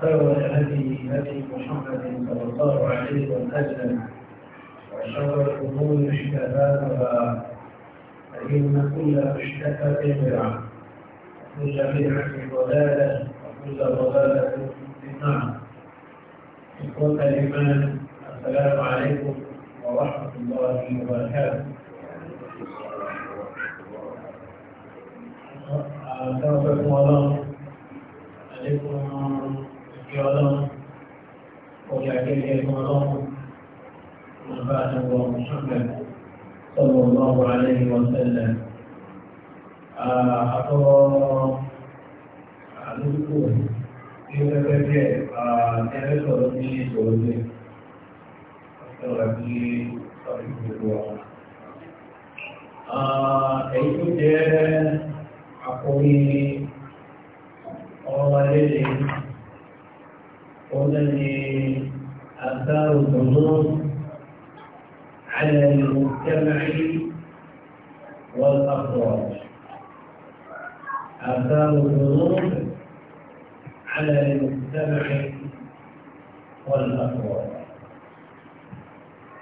خير الهدي هدي محمد صلى الله عليه وسلم وشر الامور محدثاتها فان كل محدثه بدعه وكل بدعه ضلاله وكل ضلاله في النار اخوه الايمان السلام عليكم ورحمه الله وبركاته أعتقد الله عليكم kí ọlọ́run ọjà kẹlẹ́ ẹ̀kọ́ ọlọ́run ọba àtàwọn ọmọṣọ́gbẹ̀ sọ̀rọ̀ ọlọ́run alẹ́ ìwọ̀n sẹ́lẹ̀ àtọ́wọ́ àdúgbò tí ó fẹ́ fẹ́ ẹ̀rẹ́ sọ̀rọ̀ ní ìṣòro lé ọ̀sọ̀rọ̀ kí sọ̀rọ̀ gbogbo wọn. Èyí tó jẹ́ àkórí ọmọdé lè ومن آثار الحضور على المجتمع والأفراد آثار الحضور على المجتمع والأفراد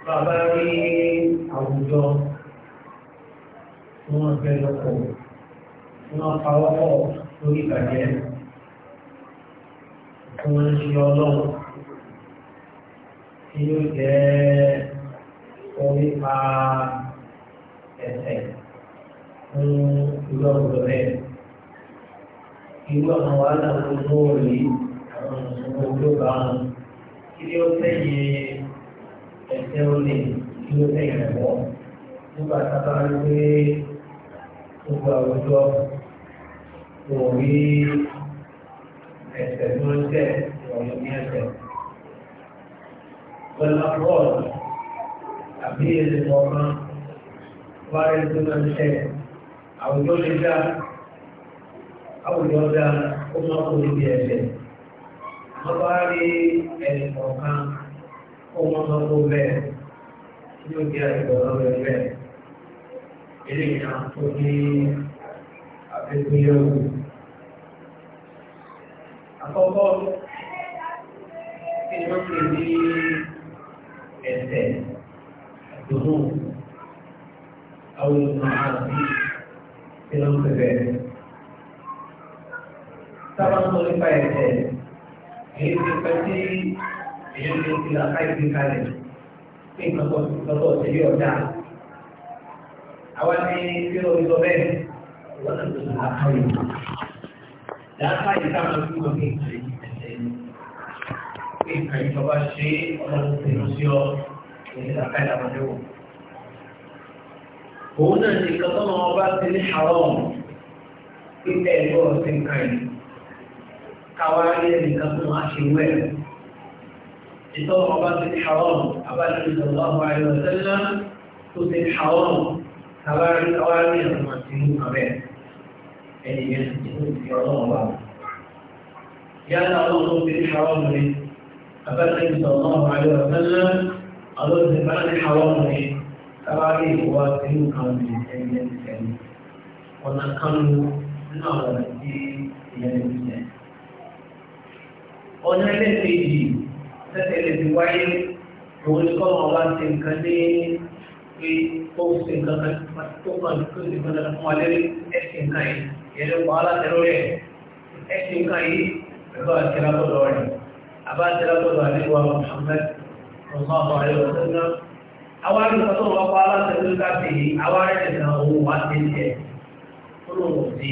قبائل أو جهد ثم في الوقوف ثم قواقع تريد أجل fún iṣẹ́ ọlọ́run tí ó jẹ́ onípa ẹ̀sẹ̀ fún ìlú ọ̀dọ̀ rẹ̀. Irú àwọn wàhálà tó mú òòlì àwọn ìṣòro tó bá wọn kí ni ó tẹ̀yẹ ẹ̀sẹ̀ olè kí ló tẹ̀yẹ ẹ̀wọ́ nígbà tá a bá gbogbo àwùjọ kò ẹ̀ṣẹ̀ tó ń tẹ̀ ọ̀yọ́ ní ẹ̀ṣẹ̀. Pẹ̀lú àpọ̀ọ̀lù àbí èdè kọ̀ọ̀kan wáyé tó máa ń tẹ̀ àwùjọ lè dá àwùjọ dá ó máa kó níbi ẹ̀ṣẹ̀. Wọ́n bá rí ẹ̀ṣẹ̀ kọ̀ọ̀kan ó máa máa kó bẹ́ẹ̀ tí ó di àìsàn lọ́wọ́ ẹ̀ bẹ́ẹ̀. Ilé ìyá tó ní àfikún yóò àkọ́kọ́ kí ni wọ́n pè ní ẹ̀sẹ̀ àdùnnú àwọn olùmọ̀ràn kí ló ń pè bẹ́ẹ̀. sábà ń sọ nípa ẹ̀sẹ̀ èyí ti pẹ́ sí èyí ti ti àká ìdí kalẹ̀ pé lọ́tọ̀ tẹ̀lé ọ̀dà. àwa ní kí wọ́n náà tó ti àká ìdí. Dáká ìdáwọn tí wọ́n fi ń ṣe ẹ̀ṣẹ̀ ni. Pé ìkà ìjọba ṣe ọlọ́run tẹ̀lú sí ọ ìrìn àká ìdàmọ́lé wò. Òun náà ní ìkan tọ́nà ọba ti ní ṣàrọ̀ pípẹ́ ẹ̀rọ ọ̀sẹ̀ nǹkan yìí. Káwá rí ẹnì kan tó máa ṣe wẹ̀. Ìtọ́nà ọba ti ní ṣàrọ̀ abájọ́ ìṣòro àwọn àìlọ́sẹ́lá tó ti ṣàrọ̀ káwá rí ẹni yẹn ti ń fi ọlọ́run wà. yálà ọlọ́run ti ń ṣàwọn mi abẹ́rẹ́ ìsọ̀ ọlọ́run ayọ̀ ọ̀tẹ́lẹ̀ ọlọ́run ti máa ń ṣàwọn mi káwárí ìwà tí ó kàn mí ẹni ọ̀nà kan ló nínú ti wáyé òun ni kọ́ ti nǹkan ní pé ó ṣe nǹkan kan tó kàn ní kó ṣe nǹkan kan fún alẹ́ rí ẹ̀sìn nǹkan yìí ìyẹn ló pa alátẹ̀rọ rẹ̀ ẹ̀sìn nǹkan yìí pẹ̀lú àtẹ̀rà rẹ̀ àbá àtẹ̀rà tọ̀dọ̀ àdéhùn àwọn Muhammad ọ̀sán àwọn àlẹ́ ọ̀sán náà àwọn àdúgbò tó wọ́n pa alátẹ̀rọ káfí àwọn àrẹ̀ nìkan òun wà sí ẹ̀ tó ló wọ̀ sí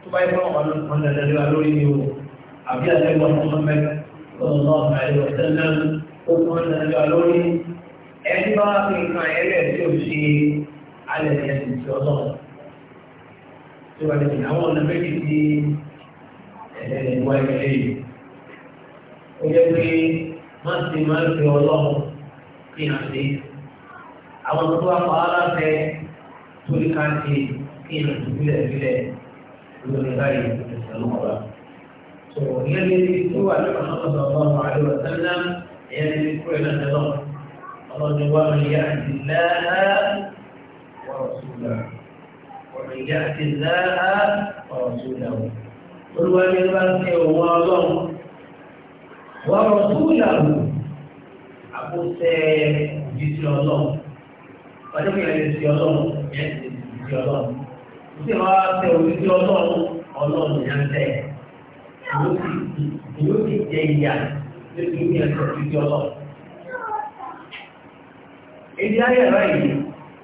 tó bá yẹ fún Muhammad ọ̀sán àwọn àlẹ́ ọ̀sán náà ó fún ọ̀nà ẹni bá fi nǹkan ẹlẹ́ tí ó ṣe alẹ́ ní ẹ̀sìn tí ọlọ́run tí wọ́n ti àwọn ọ̀nà méjì tí ẹ̀sẹ̀ lè wá ilé yìí. ó yẹ pé má ti má fi ọlọ́run fi hàn sí àwọn tó wá pa aláṣẹ torí ká ṣe kí hàn sí bílẹ̀bílẹ̀ lórí báyìí ẹ̀sẹ̀ ló wà. tó ìyẹn lè ti tó wà lọ́wọ́ àwọn ọ̀sán ọ̀sán àwọn àdéhùn sẹ́lẹ̀ ẹ̀yẹn ti kúrò lọ́sẹ̀ náà ọlọ́dún wa lè yá àti láàá ọ̀rọ̀sùlà ọ̀rọ̀ ìyá àti láàá ọ̀rọ̀sùlà olùwárí bá ń tẹ òun ọlọ́run ọ̀rọ̀sùlà àkóso ìdíje ọlọ́run ọdún yẹn lè ti ọlọ́run yẹn ti ìdíje ọlọ́run tí wọ́n á tẹ ìdíje ọlọ́run ọlọ́run yẹn ń tẹ̀ yóò ti jẹ ìyá lórí ìdíje ọlọ́run. Èdè ayé báyìí,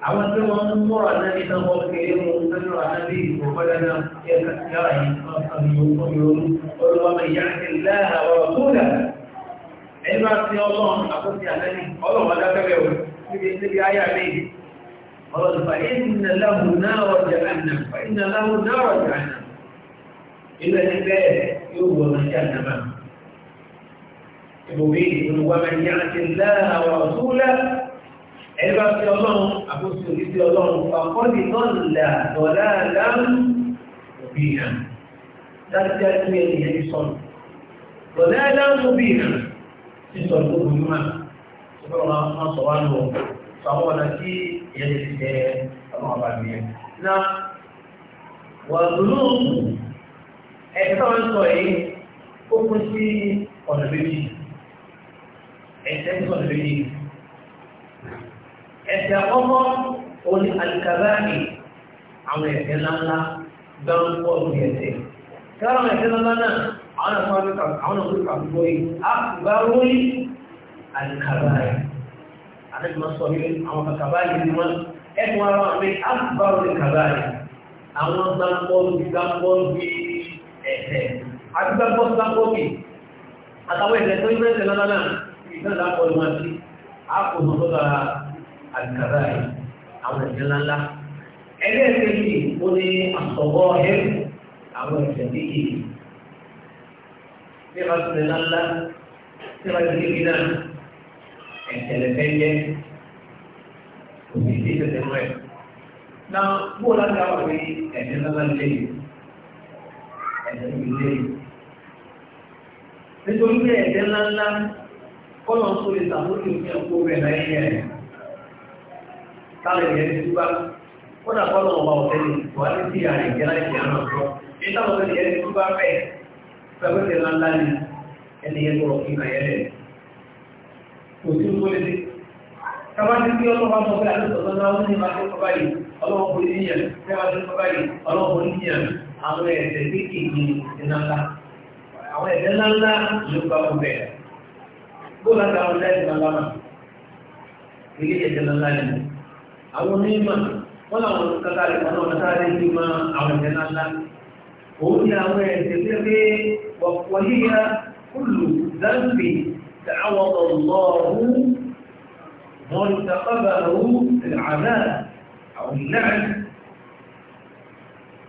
àwọn tí wọ́n ń mọ́rọ̀ ànábì náà wọ́n kéré mú sẹ́nu ànábì ìfòkọ́dá náà yẹ kàtíyàrá yìí kan ìrònú olùwà máa yá sí láàrá ọ̀rọ̀ tó dà. Ẹni bá ti ọlọ́run àkóso ànábì, ọlọ́run adákẹ́bẹ̀ ò níbi ayé àlẹ́ yìí. Ọlọ́run fa ìnà láhùn náà ọjà àná, fa ìnà láhùn náà ọjà àná. Ilé ẹni bẹ́ẹ̀ yóò wọ ọmọ sí ànábà. Ibùgbé ìlú wa máa yá sí láàrá ọ̀rọ̀ tó dà. ẹni bá fi ọlọ́run àkóso òní fi ọlọ́run pàkọ́lì náà là dọ̀lá láàrú òbí hàn dájú ẹni ẹni ẹni sọnù dọ̀lá láàrú òbí hàn sísọ tó gbòmí mà ṣùgbọ́n wọn máa sọ wá lọ sàwọn ọ̀nà tí ìyẹn ti jẹ ọmọ ọba mi yẹn. na wà lóòkù ẹ̀ka ń sọ yìí ó kún sí ọ̀nà méjì ẹ̀sẹ̀ ń sọ ọ̀nà méjì ẹ̀ṣẹ̀ àkọ́kọ́ òní àlìkàbáàmì àwọn ẹ̀ṣẹ̀ ńláńlá gbáǹpọ̀ ní ẹ̀ṣẹ̀ kára ẹ̀ṣẹ̀ ńláńlá náà àwọn àfọ́nàfíkà àwọn àfọ́nàfíkà gbogbo yìí àkùbáwóyí àlìkàbáàmì àdẹ́gbọ́n sọ ní àwọn kàkàbáàmì ni wọ́n ẹ̀kùn ara wọn ní àkùbáwóyí kàbáàmì àwọn gbáǹpọ̀ gbáǹpọ̀ bí ẹ̀ṣẹ̀ àti gbáǹpọ̀ gbáǹpọ̀ bí àtàwọn ẹ̀ṣẹ̀ tó ń àgbàrá yìí àwọn ẹ̀jẹ̀ ńláńlá ẹlẹ́ẹ̀kejì ó ní àsọ̀gbọ́ ẹ̀rù àwọn ẹ̀jẹ̀ méjì bí wọ́n ti ńláńlá tí wọ́n ti níbi náà ẹ̀jẹ̀ lẹ́fẹ́ jẹ́ kò sí sí ìṣẹ̀lẹ̀ rẹ̀ na bó láti àwọn ọ̀rẹ́ ẹ̀jẹ̀ ńláńlá lé ẹ̀jẹ̀ lé nítorí pé ẹ̀jẹ̀ ńláńlá kọ́nà tó lè sàmójú ní ọkọ̀ rẹ̀ láyé rẹ̀ káwọn ènìyàn ní túbá ó dà bọ́ọ̀lù ọba ọ̀tẹ́ ní ìwà ní sí ààrẹ ìjẹ́ láì fi àná ọ̀tọ́ ní táwọn ènìyàn ní túbá fẹ́ pẹ̀lú ti ńlá ńlá ní ẹnìyẹn tó rọ̀ kí nà yẹn lẹ̀ kò sí owó lé káwá ní kí ọlọ́wọ́ bá bọ́ọ̀lù àti ọ̀tọ́ náà ó ní ma tó kọ́ báyìí ọlọ́wọ́ kò ní yàn fẹ́ wá tó kọ́ báyìí ọlọ́wọ́ kò ní yàn ilé ẹ̀sẹ̀ ńlá nìyẹn àwọn onímọ̀ wọ́n làwọn olùkọ́ta rẹ̀ kan náà sáré sí mọ́ àwọn ẹ̀jẹ̀ náà ńlá òun ni àwọn ẹ̀jẹ̀ tó pé ọ̀pọ̀ yíya kúlù dáńbì dáwọ̀ ọ̀lọ́ọ̀hún wọn tàbàbàrú àdá àwọn ìlànà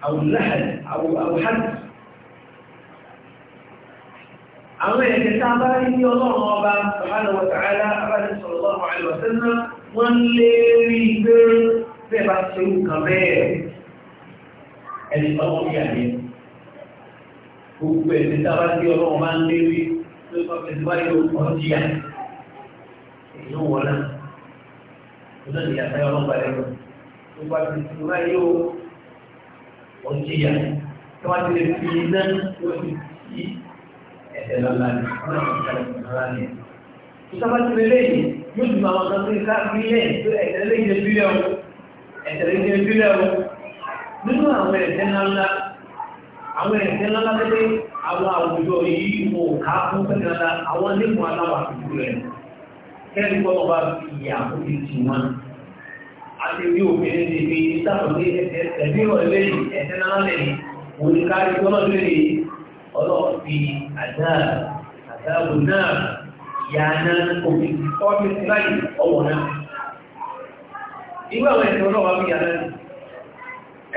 àwọn ìlànà àwọn hajj àwọn ẹ̀jẹ̀ tá a bá rí ní ọlọ́run ọba sọ̀hánà wọ̀tàhálà abájẹ́sọ̀rọ̀ lọ́rùn àìlọ́sẹ́nà wọ́n lé rí pé bẹ́ẹ̀ bá ṣe ń kàn bẹ́ẹ̀ ẹni tọ́wọ́ ní àyè gbogbo ẹ̀sìn tá a bá tí ọlọ́run máa ń lé rí pé wọ́n fi wáyé ọ̀rọ̀ jìyà èyí ń wọlá ó náà nìyà táyà ọlọ́run bá lẹ́nu tó bá ti ti wáyé ọ̀rọ̀ jìyà tó bá ti lè fi iná tó ti ti ẹ̀ẹ́dẹ́gbẹ̀rún lánàá ọ̀nà ọ̀gá ìgbàlá ni. tó sábà ti lè yóò ti máa kan sí ká bílẹ̀ tó ẹ̀tẹ̀ lè jẹ bílẹ̀ o ẹ̀tẹ̀ lè jẹ bílẹ̀ o nínú àwọn ẹ̀tẹ̀ ńláńlá àwọn ẹ̀tẹ̀ ńláńlá pé àwọn àwùjọ yìí mo kà á fún pẹ̀lú ńláńlá àwọn lẹ́kùn aláwọ̀ àtúntò rẹ̀ kẹ́rì kọ́kọ́ bá fi ìyà òkè tì wọn àti bí obìnrin ti fi sáfòdé ẹ̀tẹ̀ ọ̀lẹ́ ẹ̀tẹ̀ ńláńlá òní kárí kọ́lọ́dún lè ọlọ́ọ̀fi àdáàbò náà yàánà omi tọ́jú láì ọwọ́ náà. Irú àwọn ẹ̀sìn ọlọ́wà bí yàánà ni,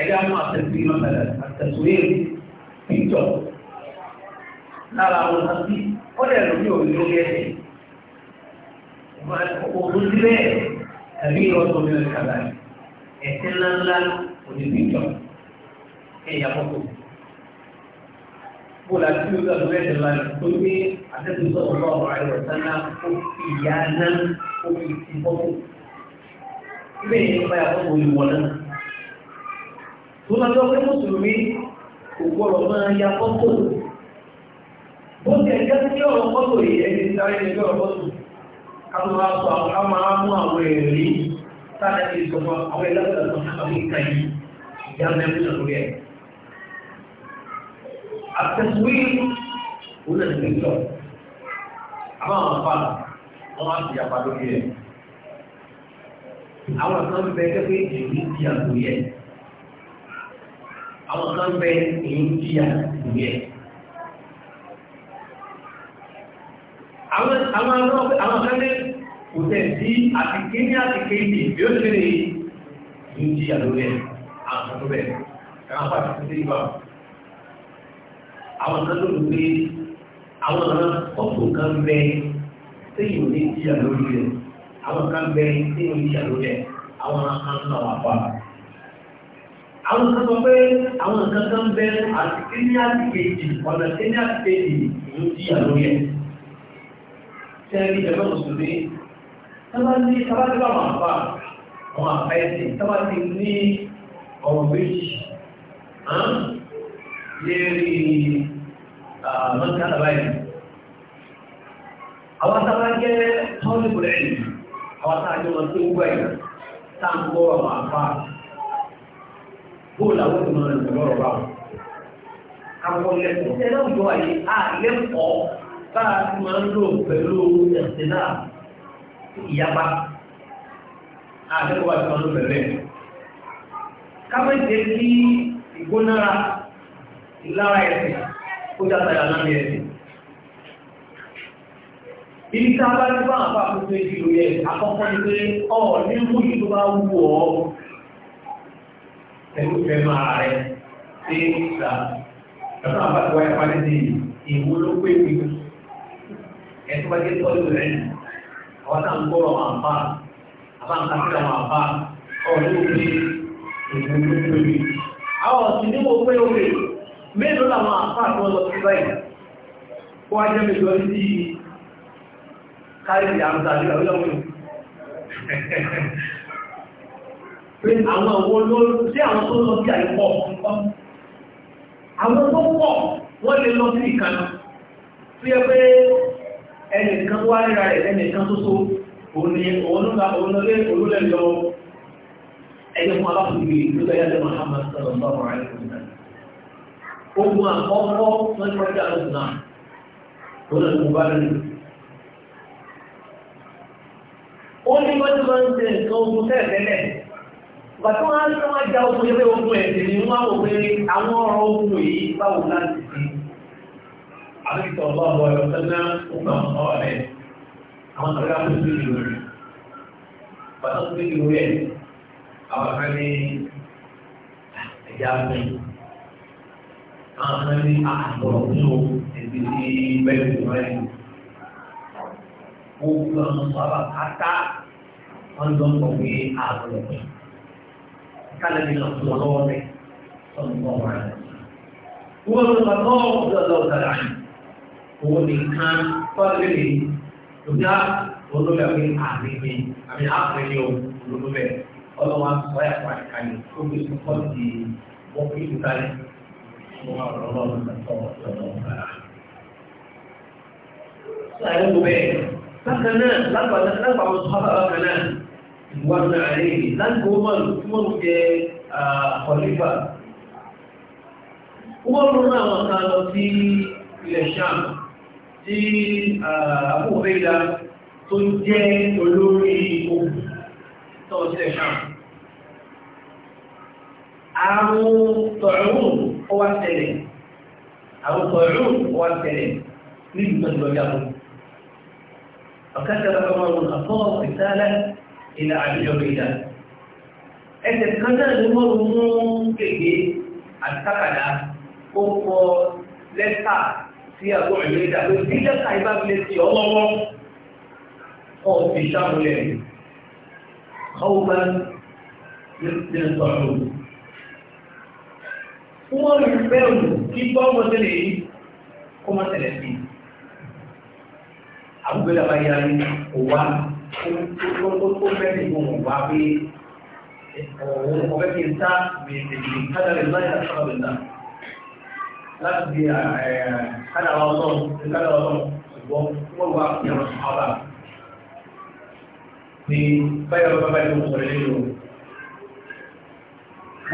ẹ̀yà mú àtẹ̀sí lọ́sẹ̀lẹ̀ àtẹ̀sóyè píjọ lára àwọn àti ọ̀dẹ̀ lómi òbí lórí ẹ̀sìn. Òkun sílẹ̀ tàbí ìrọ̀tọ̀ mi ọ̀dẹ̀ kàlà ẹ̀sìn ńláńlá òní píjọ ẹ̀yà mọ́tò. Bọ́lá tí ó gbàgbé ẹ̀sìn láì tó gbé àtẹ́tù sọ̀rọ̀ lọ́wọ́ àìwọ̀ sánà ó fi ìyá náà ó fi ti bọ́kù. Ibẹ̀ yìí ló báyà fún òye wọ̀ náà. Tó lọ́jọ́ pé Mùsùlùmí kò gbọ́dọ̀ máa ya fọ́tò. Bó ti ẹ̀jẹ̀ sí ọ̀rọ̀ fọ́tò yìí ẹni sáré ní ọ̀rọ̀ fọ́tò. Ká ló wá sọ àwọn ọmọ amú àwọn èrè sáré ní ìsọ̀kan àwọn ẹlẹ́sẹ̀ Àtẹ̀síwí òun náà àbáwọn ọ̀pá wọn á ti yàpá lórí rẹ̀. àwọn kan bẹ pé èyí ń jìyà lórí ẹ̀ àwọn kan bẹ èyí ń jìyà lórí ẹ̀. àwọn àwọn kan lé kò tẹ̀ sí àtìké ní àtìké ìdè bí ó ṣe lè ń jìyà lórí ẹ̀ àwọn kan tó bẹ̀ káwọn bá ti ṣe ìgbà àwọn kan tó lò pé àwọn ọ̀pọ̀ kan bẹ téyì ò ní ìjìyà lórí rẹ̀ àwọn kan bẹ téyì ò ní ìjìyà lórí rẹ̀ àwọn kan náà wà pa. àwọn kan sọ pé àwọn kan kan bẹ àti kíní kejì ọ̀nà kíní àti kejì ìlú ìjìyà lórí rẹ̀. sẹ́ẹ̀rì ẹ̀fọ́ mùsùlùmí tábàtí tábàtí bá wà pa àwọn àpẹẹsì tábàtí ní ọ̀rọ̀ méjì mọ́síkàtà ah, báyìí àwọn tàbá jẹ́ tọ́lùbùrẹ̀ ìlú àwọn tàbá jẹ́ wọn tí ó gbà ìlú táàkọ́ ọmọ àpá bóòlù àwọn ìmọ̀ rẹ̀ lọ́rọ̀ bá àwọn ẹ̀kọ́ tẹ́lẹ̀ òjò àyè àlẹ́kọ̀ọ́ bá a ti máa ń lò pẹ̀lú ẹ̀sìn náà ìyapa àlẹ́kọ̀ọ́ bá ti máa ń lò pẹ̀lú ẹ̀ ìgbónára ìlara ẹ̀sìn kójá tàyà náà yẹ ẹ̀sìn. a bá ní bá àpá àkókò èjì ló yẹ, àkọ́kọ́ ni pé ọ̀ ní mújú tó bá wù ọ́ pẹ̀lú fẹ́nu ara rẹ̀ ṣe é gbà. Ẹ̀fọ́ àbá ti wáyé parí sí ìwú ló pé mi. Ẹ̀tọ́ bá jẹ́ tọ́jú rẹ̀ nì. Àwọn náà ń gbọ́rọ̀ àwọn àbá, ń kásílẹ̀ àwọn àbá, ọ̀ ní òkè pé mi mélòó làwọn àfáà tó lọ sí báyìí kó wá jẹ́ mélòó ní sí káàkiri àmúta àti àwílọ́wọ́ pé àwọn àwọn olóòrùn sí àwọn tó lọ sí àìpọ̀ àwọn tó pọ̀ wọ́n lè lọ sí ìkànnà tí ẹ pé ẹnìkan wá ríra rẹ̀ ẹnìkan tó tó òní olólẹ́lọ́ ẹni fún aláfòbí ìlú ẹ̀yà lẹ́mọ̀ ogun àkọ́kọ́ wọ́n ti kọjá lóṣù náà tó lè kó bá lè. ó ní wọ́n ti máa ń ṣe nǹkan ogun tẹ́lẹ̀tẹ́lẹ̀ bàtí wọ́n á ní wọ́n já ogun yẹn pé ogun ẹ̀sìn ni wọ́n á wò pé àwọn ọ̀rọ̀ ogun yìí báwo láti ṣe. àbíkọ̀ ọ̀gá ọ̀gá ọ̀gá ọ̀gá ọ̀gá ọ̀gá ọ̀gá ọ̀gá àwọn àgbẹ̀ká tó ti lò rẹ̀ bàtà tó ti lò rẹ̀ àwọn àgbẹ̀ ní ẹ̀já fún yìí àwọn ní àgbọ̀rọ̀ nínú ẹ̀bí sí bẹ́ẹ̀lì rẹ̀. Ó gbé ọmọ sọ́ọ́bà kátá wọ́n lọ pọ̀ pé àgbọ̀rọ̀ pẹ̀. Kálẹ̀ mi lọ sí ọlọ́wọ́ rẹ̀ sọ́nù bọ́ wà rẹ̀. Wọ́n lọ bàbá ọ̀dọ́ ọ̀dọ́ ọ̀dọ́ Owó nìkan tọ́lé lè lójá olóyè pé àmì mi àmì àpẹẹrẹ ni olóyè ọlọ́wọ́ àti ọ̀yà pàṣẹ kalẹ̀ ó gbé sọ́kọ́ ti wọ́n fi ìlú Sàrẹ́gbò bẹ́ẹ̀, lákanáà lápàwọn sọ́pàá lákanáà wọ́n náà rí lágbó mọ́lù tí wọ́n jẹ àkọlífà. Wọ́n rú náà wọ́n ká lọ sí ilẹ̀ Ṣam tí àbúgbéga tó jẹ́ olórí ogun tọ́ sí ilẹ̀ Ṣam. Àwọn tọ̀rọ̀ ó wá tẹ̀lé àwọn sọ̀rọ̀ ó wá tẹ̀lé níbi tó ń lọ yàgò. ọ̀kadà bàbá wọn wọn àfọwọ́ ìtàlá ilẹ̀ àbíyọ̀ gbẹ̀dà. ẹsẹ̀ kan náà ló mọ̀ mú kéde àtàkàdá ó kọ lẹ́tà sí àgọ́ ìgbẹ́dà pé bí lẹ́tà ìbáfilẹ̀ sí ọ lọ́wọ́ ọ̀ọ́ fi sáwọn lẹ̀. ọ̀gbọ́n ní sọ̀rọ̀ kí wọ́n rí bẹ́ẹ̀rù kí gbọ́mọ̀tẹ́lẹ̀ yìí kó má tẹ̀lẹ̀ sí i àgbẹ̀lẹ̀ bá yára ní òwá tó bẹ́ẹ̀ ní gbogbo wá pé ọ̀fẹ́ kí n sá mèjèèjì kádàrẹ̀ láyé àṣọ́rọ̀ náà láti di kádàrà ọlọ́run ní kádàrà ọlọ́run ṣùgbọ́n kí wọ́n wá ìyàwó ṣọ́ọ́bà ní báyọ̀ bàbá ìlú ọ̀rẹ́ lẹ́yìn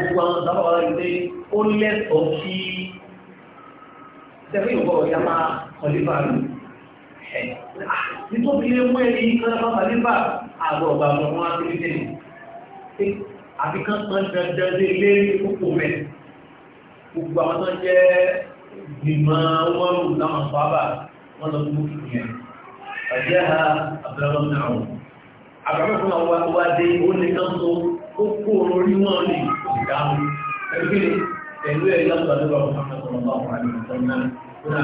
gbogbo àwọn sábà wà lóde ó lẹ́tọ̀ọ́ kí sẹ́fún yóò gbọ́dọ̀ yá máa kọlífà rẹ̀ ẹ̀ nítorí lè mú ẹni kan máa kọlífà àgbọ̀ ọ̀gbà ọ̀gbà wọn á tẹ́lẹ̀ tẹ́lẹ̀ àfi kan kan dandan lé lérí púpọ̀ mẹ́ gbogbo àwọn tó ń jẹ́ ìgbìmọ̀ wọn rù láwọn sábà wọn lọ sí mọ́tò yẹn ọ̀jẹ́ ha abúlé náà àbúrò fún àwọn wá dé ó ní kan tó ó kó orí wọn nìyí ìdáhùn ẹgbẹ́ pẹ̀lú ẹ̀rí lọ́sọ̀rọ̀ nípa ọ̀hánà sọ̀rọ̀ bá wà ní ìtọ́jú náà kódà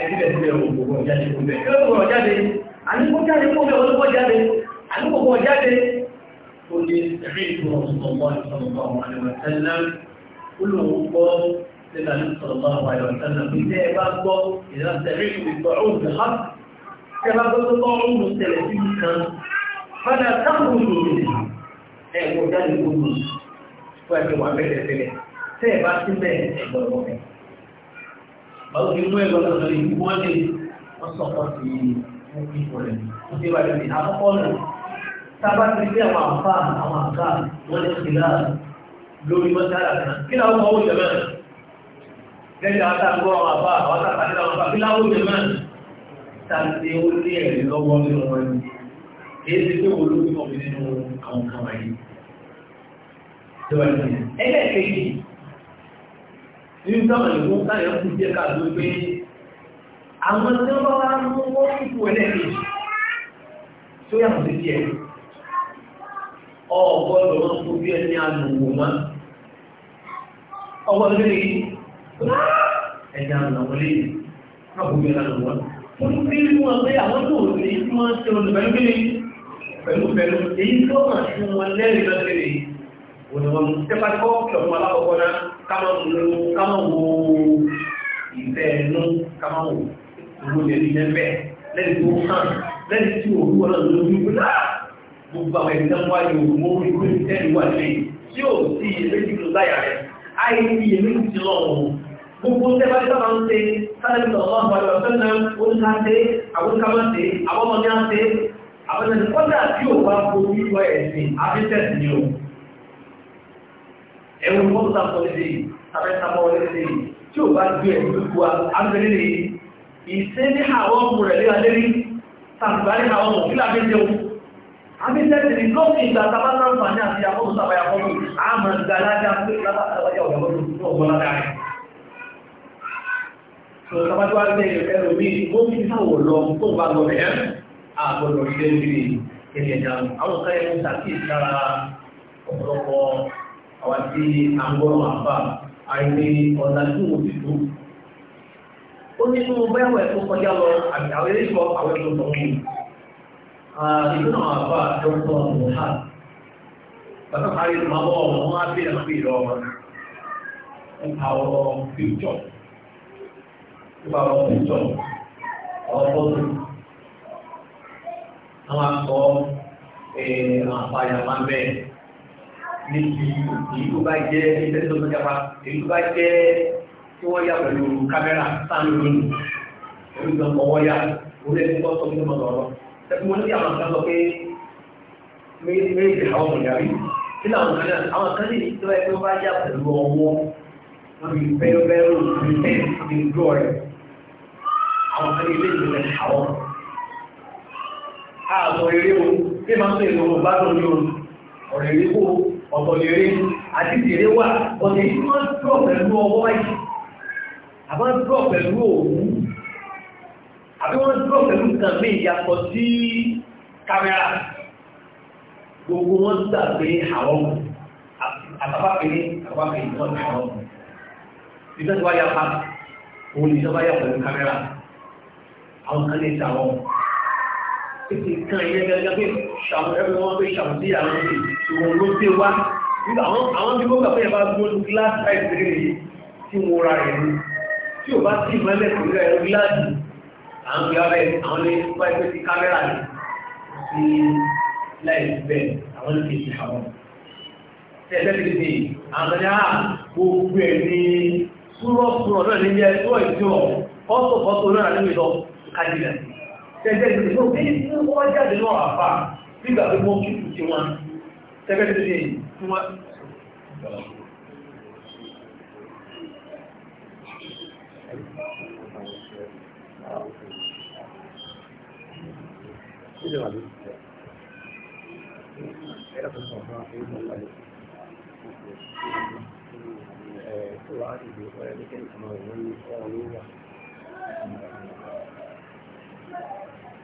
ẹbí bẹ̀ sílẹ̀ òkòkò jáde kó bẹ̀. kí ló kọ̀ jáde àníkó jáde kó bẹ̀ olókọ̀ jáde àníkó kọ̀ jáde. ó ní ẹ̀rí ìgbọ̀ ọ̀sọ̀rọ̀ bá ìtọ́jú bá wà ní ìtọ́jú náà ó lóun gbọ́ sílẹ̀ fún ẹgbẹ́ wà bẹ́ẹ̀ tẹ́lẹ̀ tẹ́ ẹ bá sí bẹ́ẹ̀ ẹgbẹ́ ọ̀rọ̀ rẹ̀. báwo ni mú ẹgbẹ́ ọ̀rọ̀ rẹ̀ wọ́n lè wọ́n sọ̀kọ́ sí ipò rẹ̀ ó ti wà lórí àkọ́kọ́ rẹ̀ tábà ti rí àwọn àǹfà àwọn àǹkà wọ́n lè fi láà lórí mọ́tàlá kan kí ni àwọn ọmọ òjò náà lẹ́yìn àtàkùn àwọn àbá àwọn àtàkùn àwọn àbá kí láwọn àwọn kan wáyé lọ́wọ́dì ẹlẹ́ẹ̀kejì nínú táwọn ìlú táyọ̀ kú díẹ̀ káàdó pé àwọn tí wọ́n bá mú wọ́n kíkú ẹlẹ́ẹ̀kejì tó yàtọ̀ sí díẹ̀ ọgbọ́dọ̀ wọn tó bí ẹni àlùwò mọ́ ọwọ́ lórí ẹ̀dá àwọn lẹ́yìn náà kò bí ẹni àlùwò mọ́ wọ́n fi ń mú wọn pé àwọn tó ní wọ́n ṣe olùpẹ̀lú pẹ̀lú pẹ̀lú èyí òṣèwọ̀n tẹ́fà tí kọ́kọ́ kìlọ̀ fún alákọ̀ọ́kọ́ náà kámọ́ wo ìfẹ́ ẹnu kámọ́ wo owó lè rí lẹ́fẹ́ lẹ́ni tó hàn lẹ́ni tí òwú ọ̀nà ló ń gbé náà ah! gbogbo àwọn ẹ̀mí náà wáyé òun mọ́ orí orí tẹ́lú wà lé tí ò sí ìyèméjì tó láyà rẹ̀ ayé ìyèméjì ti lọ́wọ́ gbogbo tẹ́fà tí sábà ń ṣe sáré lọ wọ́n wà lọ sẹ́nu oníkà ṣe àwọn kámọ́ ṣe àwọn ọmọdé á ṣe àwọn ẹni kọ́dà tí ò bá gbogbo ìwọ ẹ̀sìn àbí tẹ̀sí ni o ẹ̀wù mọ́tò sàkọlẹ́dẹ̀ yìí tàbẹ́ sàkọlẹ́dẹ̀ yìí tí ó bá gbé ẹ̀wù gbogbo abẹ́lẹ́lẹ́ yìí ìṣe ní àwọn ọmọ rẹ̀ léwalé rí tàbí ní àwọn ọmọ fílà bí jẹun abíjẹ́sì ní lọ́sí ìgbà tàbátàrùn àti àti àkọ́kọ́ sàbáyà fọ́nù àmà ìgbàlájá pé látàbáyà ọ̀dọ́ tó ọgbọ́n látàrí tó tàbátàwà ní ẹlòmí ó fi sáwọ̀ lọ tó bá lọ rẹ̀ àgbọ̀dọ̀ ṣe ń rí ẹ̀yẹ̀dà àwọn káyẹ̀ ń ọ̀pọ̀lọpọ̀ àwọn tí a ń gbọ́rọ̀ àbá àìní ọ̀nà tí mo ti tó. ó ní inú bẹ́ẹ̀wẹ̀ tó kọjá lọ àti àwọn eré ìṣọ́ àwọn ètò tó ń bù. ìlú náà àbá dọ́kítọ̀ mohan bàtà parí ìmọ̀wọ́ ọ̀nà wọn á bèèrè àpè ìlọ ọmọ nípa ọ̀rọ̀ píjọ nípa ọ̀rọ̀ máa bẹ́ẹ̀ ní ti èyí tó bá jẹ́ ìtẹ́lẹ̀ tó tó japa èyí tó bá jẹ́ tí wọ́n yà pẹ̀lú kámẹ́rà sáàmì lónìí orí gan ọwọ́ yà orí ẹni tó sọ fún ọmọ ọ̀rọ̀ ẹkú wọn ní àwọn kan sọ pé méjì àwọn ọmọ yàrá nínú àwọn kan náà àwọn kan nìyí tó ẹ tó bá yà pẹ̀lú ọwọ́ wọn fi bẹ́ẹ̀ bẹ́ẹ̀ rò ní ẹ̀ ní ìlú ọ̀rẹ́ àwọn kan ní ilé ìgbìmọ̀ àwọn àtọ̀ eré o bí máa ń sọ ìlú ọ̀rọ̀ bá lọ ní ọ̀rẹ́ rí kó ọ̀tọ̀lẹ̀rẹ́ àti ìdèrè wà ọ̀tẹ̀ yìí wọ́n drọ̀ pẹ̀lú ọwọ́ báyìí àbá drọ̀ pẹ̀lú òwú àbí wọ́n drọ̀ pẹ̀lú nǹkan mí ìyàtọ̀ sí kámẹ́rà gbogbo wọn gbà pé àwọn àbábápẹ̀lẹ́ àbábápẹ̀lẹ́ wọn ní àwọn ọmọ ìgbà tí wọ́n yà pa òun ní sábà yà pẹ̀lú kámẹ́rà àwọn kan lè sàwọn ìwọ̀n ló dé wá nígbà àwọn tí wọ́n gbà pé yẹn bá gbóòlù gíláàsì láì sí rèé tí mo ra rẹ̀ ní tí ò bá sí ìmọ̀lẹ̀ kò rí ẹ̀rọ gíláàsì à ń fi abẹ́ àwọn ní wáyé pé ti kámẹ́rà ní sí láì sí bẹ́ẹ̀ àwọn ní kejì àwọn. tẹ́lẹ̀ ti di àwọn ní àá ah, gbogbo ẹ̀ ní súrọ̀súrọ̀ náà ní yẹ tó ìjọ fọ́tòfọ́tò náà tẹ́gbẹ́ tó ṣe yìí tí wọ́n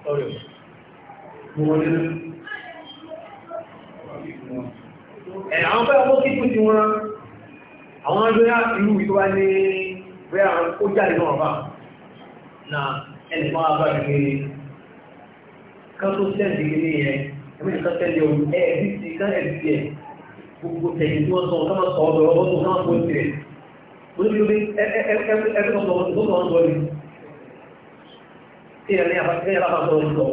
Ọ̀rẹ́. Mo wọlé lórí. àwọn bẹ́ẹ̀ mọ́ kíkún ti wọn àwọn ihe ìlú ìtọ́wà ní àwọn ó jáde náà bá na ẹni máa kan tó sẹ́ǹdì gbére yẹn ẹ̀mí nìkan tẹ́lẹ̀ o ẹ̀ẹ́dì ti ká ẹ̀ẹ́dì ihe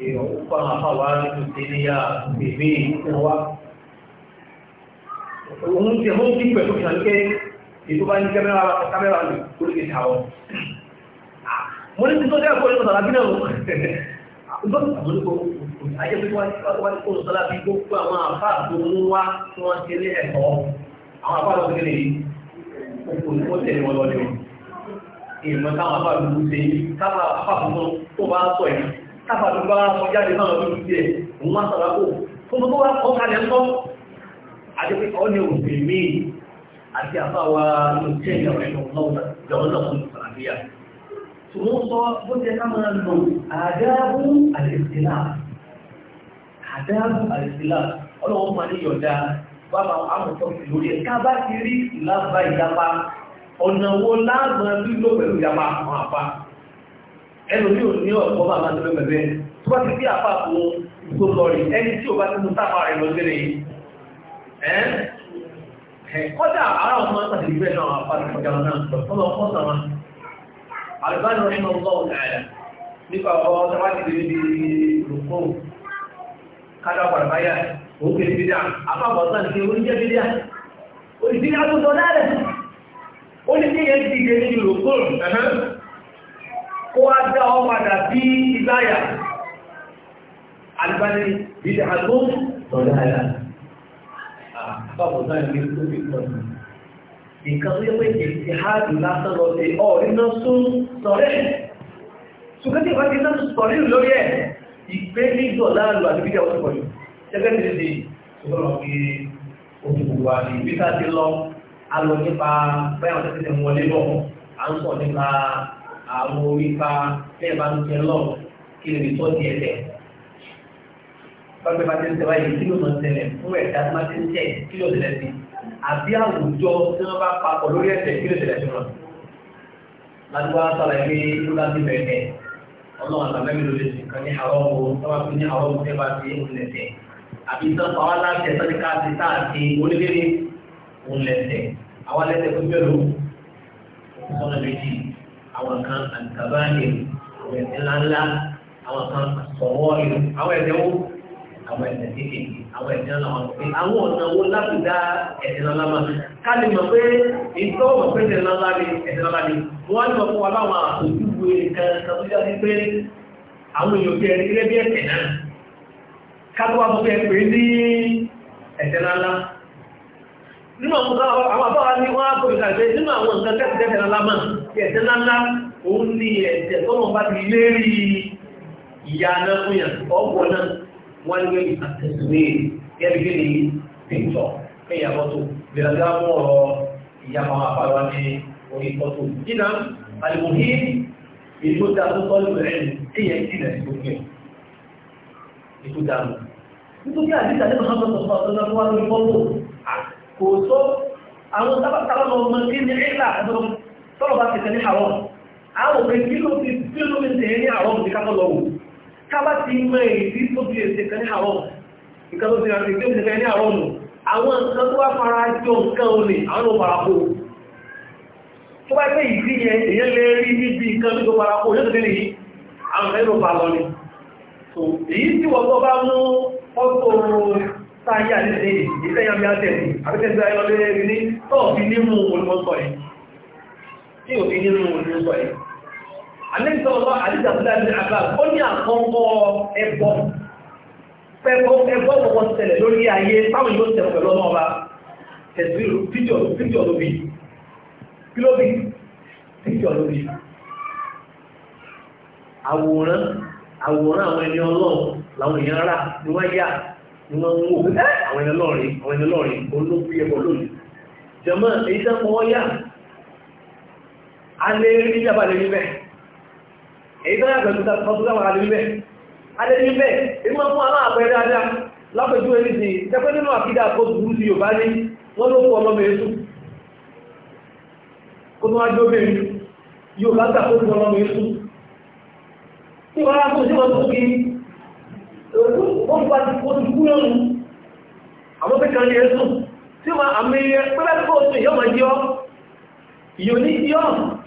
èèyàn ó fa àfàwà nínú ìdílé bèbè ìkún wa. Òun ti ẹ̀hún ti pẹ̀lú ìṣàlùkẹ́ ètò bá ní kẹ́mẹ́rà kámẹ́rà lò tó lè ta ọ. Mo ní ti tó dẹ́ ẹ̀kọ́ ní ọ̀sán náà lọ. Ìjọ àwọn olùkọ́ ayé pé wọ́n ti kó àwọn àfà tó tí wọ́n ti lé ẹ̀kọ́. Àwọn àfà tábàtò bá wọn jáde náà lórí ti ẹ̀ òun máa sọ̀rọ̀ kó fún gbogbo wa kọ́ kalẹ̀ ńkọ́ àdébí ọ́ ní òun bèèrè mí àti àbáwa ló jẹ́ ìyàwó ẹ̀nà ọ̀nà ìjọba náà fún ìfàlàbíyà tó wọ́n sọ bó ti ká máa lò àdáàbù àlèsílà àdáàbù àlèsílà ọlọ́wọ́n máa ní yọ̀dá bá máa amọ̀tọ́ sí lórí ẹ̀ ká bá ti rí ìlàbà ìjàpá ọ̀nà wo láàmú lílò pẹ̀lú ìjàpá àwọn àpá ẹnu ní òní ọ̀pọ̀ máa máa tẹ́lẹ̀ mẹ́bẹ́ tó bá ti bí àpá fún tó lọ rí ẹni tí ò bá ti mú tápá rẹ̀ lọ sílẹ̀ yìí kọ́dà ara ọmọ tàbí ìgbẹ́ náà àpàdé ọjà náà lọ́nà ọkọ̀ sàmà àlùbáyọ̀ rẹ̀ náà lọ́wọ́ náà nípa ọ̀rọ̀ ọjọ́ bá ti di níbi ìrùkọ́ kájọ àpàdàbáyà òkè náà rẹ̀ kó wá dá ọ padà bí ìgbáyà alìbáni ìdílé àtún tọ̀lẹ́ àyà àpapọ̀ náà ní orí ìtọ́jú nǹkan tó yẹ pé èsì háàdù lásán lọ sí ọ iná sún sọ̀rẹ́ ṣùgbọ́n tí ìwádìí náà sọ̀rẹ́ lórí ẹ̀ ìgbé nígbọ̀ láàlú àti bídíà ọ̀sẹ̀ pọ̀jù gẹ́gẹ́ bí ti ṣùgbọ́n lọ fi ojú gbogbo àti ìgbésà ti lọ a lọ nípa báyọ̀ tẹ́tẹ́ àwọn orípa tẹ́ bá ń tẹ lọ kí lè tọ́ di ẹ̀tẹ̀. Bábẹ́ bá ti ń tẹ̀wá yìí kí ló máa ń tẹ̀lẹ̀ fún ẹ̀dá tó máa ti ń tẹ̀ kí ló tẹ̀lẹ̀ sí. Àbí àwùjọ tí wọ́n bá papọ̀ lórí ẹ̀tẹ̀ kí ló tẹ̀lẹ̀ sí wọn. Ládùúgbò àtàlà ẹgbẹ́ ló bá ti bẹ̀rẹ̀ ọlọ́run àtàlà mi ló lè kan ní àwọn ọmọ fi ní àwọn tẹ́ bá ti ń lẹ̀tẹ̀. Àbí tán pa wá láti ẹ̀sán ní káàtì táàtì oníbèrè ń lẹ̀tẹ̀. Àwọn lẹ́tẹ̀ fún bẹ́ẹ̀ ló sọ́nà méjì àwọn kan àǹtàbáyé àwọn ẹ̀sẹ̀ ńláńlá àwọn kan sọ̀wọ́ ìlú àwọn ẹ̀sẹ̀ wo àwọn ẹ̀sẹ̀ kékeré àwọn ẹ̀sẹ̀ ńlá wọn pé àwọn ọ̀nà wo láti dá ẹ̀sẹ̀ ńláńlá mọ̀ ká lè mọ̀ pé ìtọ́ mọ̀ pé ẹ̀sẹ̀ ńláńlá ni ẹ̀sẹ̀ ńláńlá ni wọ́n á lọ fún wa láwọn àpòjúwe kan kan tó yára pé àwọn èèyàn bí ẹni gẹ́gẹ́ bí ẹ̀sẹ̀ náà ká tó wá pé ní ẹ̀sẹ̀ ńláńlá nínú àwọn àbáwá ni wọ́n á kó ẹ̀ṣẹ̀ lánlá òun ni ẹ̀ṣẹ̀ tó wọ́n bá ti lérí ìyá náà fún yàn ọ̀pọ̀ náà wọ́n ní wẹ́n àtẹ̀sùwé gẹ́gẹ́ ní píntọ̀ kéèyàn mọ́tò gbẹ̀rẹ̀gá mú ọ̀rọ̀ ìyá àwọn àpárá ní orí pọ́tò jìnnà àlùmọ́hí ètò dá tó tọ́lù rẹ̀ kéèyàn jìnnà sí gbogbo ẹ̀ ètò dá mú. nítorí àdìsá ní mọ́tò tó fọ́ tó lọ́wọ́ lórí tọ́lọ̀ bá ti tẹ́ ní àwọn àwọn òpin kí ló ti tí ló fi tẹ́ ní àwọn òpin kápọ̀ lọ́wọ́ kábá ti mọ èyí tí tó fi èsì kan ní àwọn nǹkan tó ti rà sí tó fi tẹ́ ní àwọn nù àwọn nǹkan tó wá fara jọ nǹkan olè àwọn òparapò tó bá pé ìdí yẹn èyàn lè rí níbi nǹkan tó parapò yóò tẹ́lẹ̀ yìí àwọn ìfẹ́ ló pa lọ ni èyí tí wọ́n tó bá mú ọ́tò táyà nílé ìfẹ́ yàmí àtẹ̀lẹ̀ àbẹ́tẹ̀sẹ̀ ayọ́lẹ́rẹ́ ní tọ́ọ̀fì nímú olùmọ́sọ̀ yìí tí ò fi nínú òní sọ yìí. Àlẹ́sọ̀rọ̀ àdìsàbúlá ní àbá ó ní àkọ́kọ́ ẹbọ. Pẹ̀kọ́ ẹbọ kọ̀kọ́ ṣẹlẹ̀ lórí ayé báwọn yóò tẹ̀ pẹ̀lú ọmọ ọba. Tẹ̀síwìrì píjọ píjọ ló bí. Kí ló bí? Píjọ ló bí. Àwòrán àwòrán àwọn ẹni ọlọ́run làwọn èèyàn rà ni wọ́n yà ni wọ́n ń wò. Àwọn ẹni ọlọ́rin àwọn ẹni ọlọ́rin olóògbé ẹbọ lónìí. Jọ̀mọ́ èyí sẹ́kọ̀ọ́ yà alẹ́ rí jábà lè rí bẹ́ẹ̀ èyí tó yàtọ̀ ìjọba ọdún jábà lè rí bẹ́ẹ̀ alẹ́ rí bẹ́ẹ̀ èyí máa fún àwọn àpẹẹrẹ dáadáa lápẹjú ẹni sí tẹ́pẹ́ nínú àkídà tó burú sí Yorùbá ní wọ́n ló fọ́ ọlọ́mọ èso kó tó wá jó bẹ́ẹ̀ Yorùbá gbà tó fọ́ ọlọ́mọ èso tí wọ́n á kó sí wọn tó kí wọ́n gba ti kó ti kú lọ́nu àwọn pé kan lè sùn tí wọ́n àmì pẹ́lẹ́ kó sùn yọ́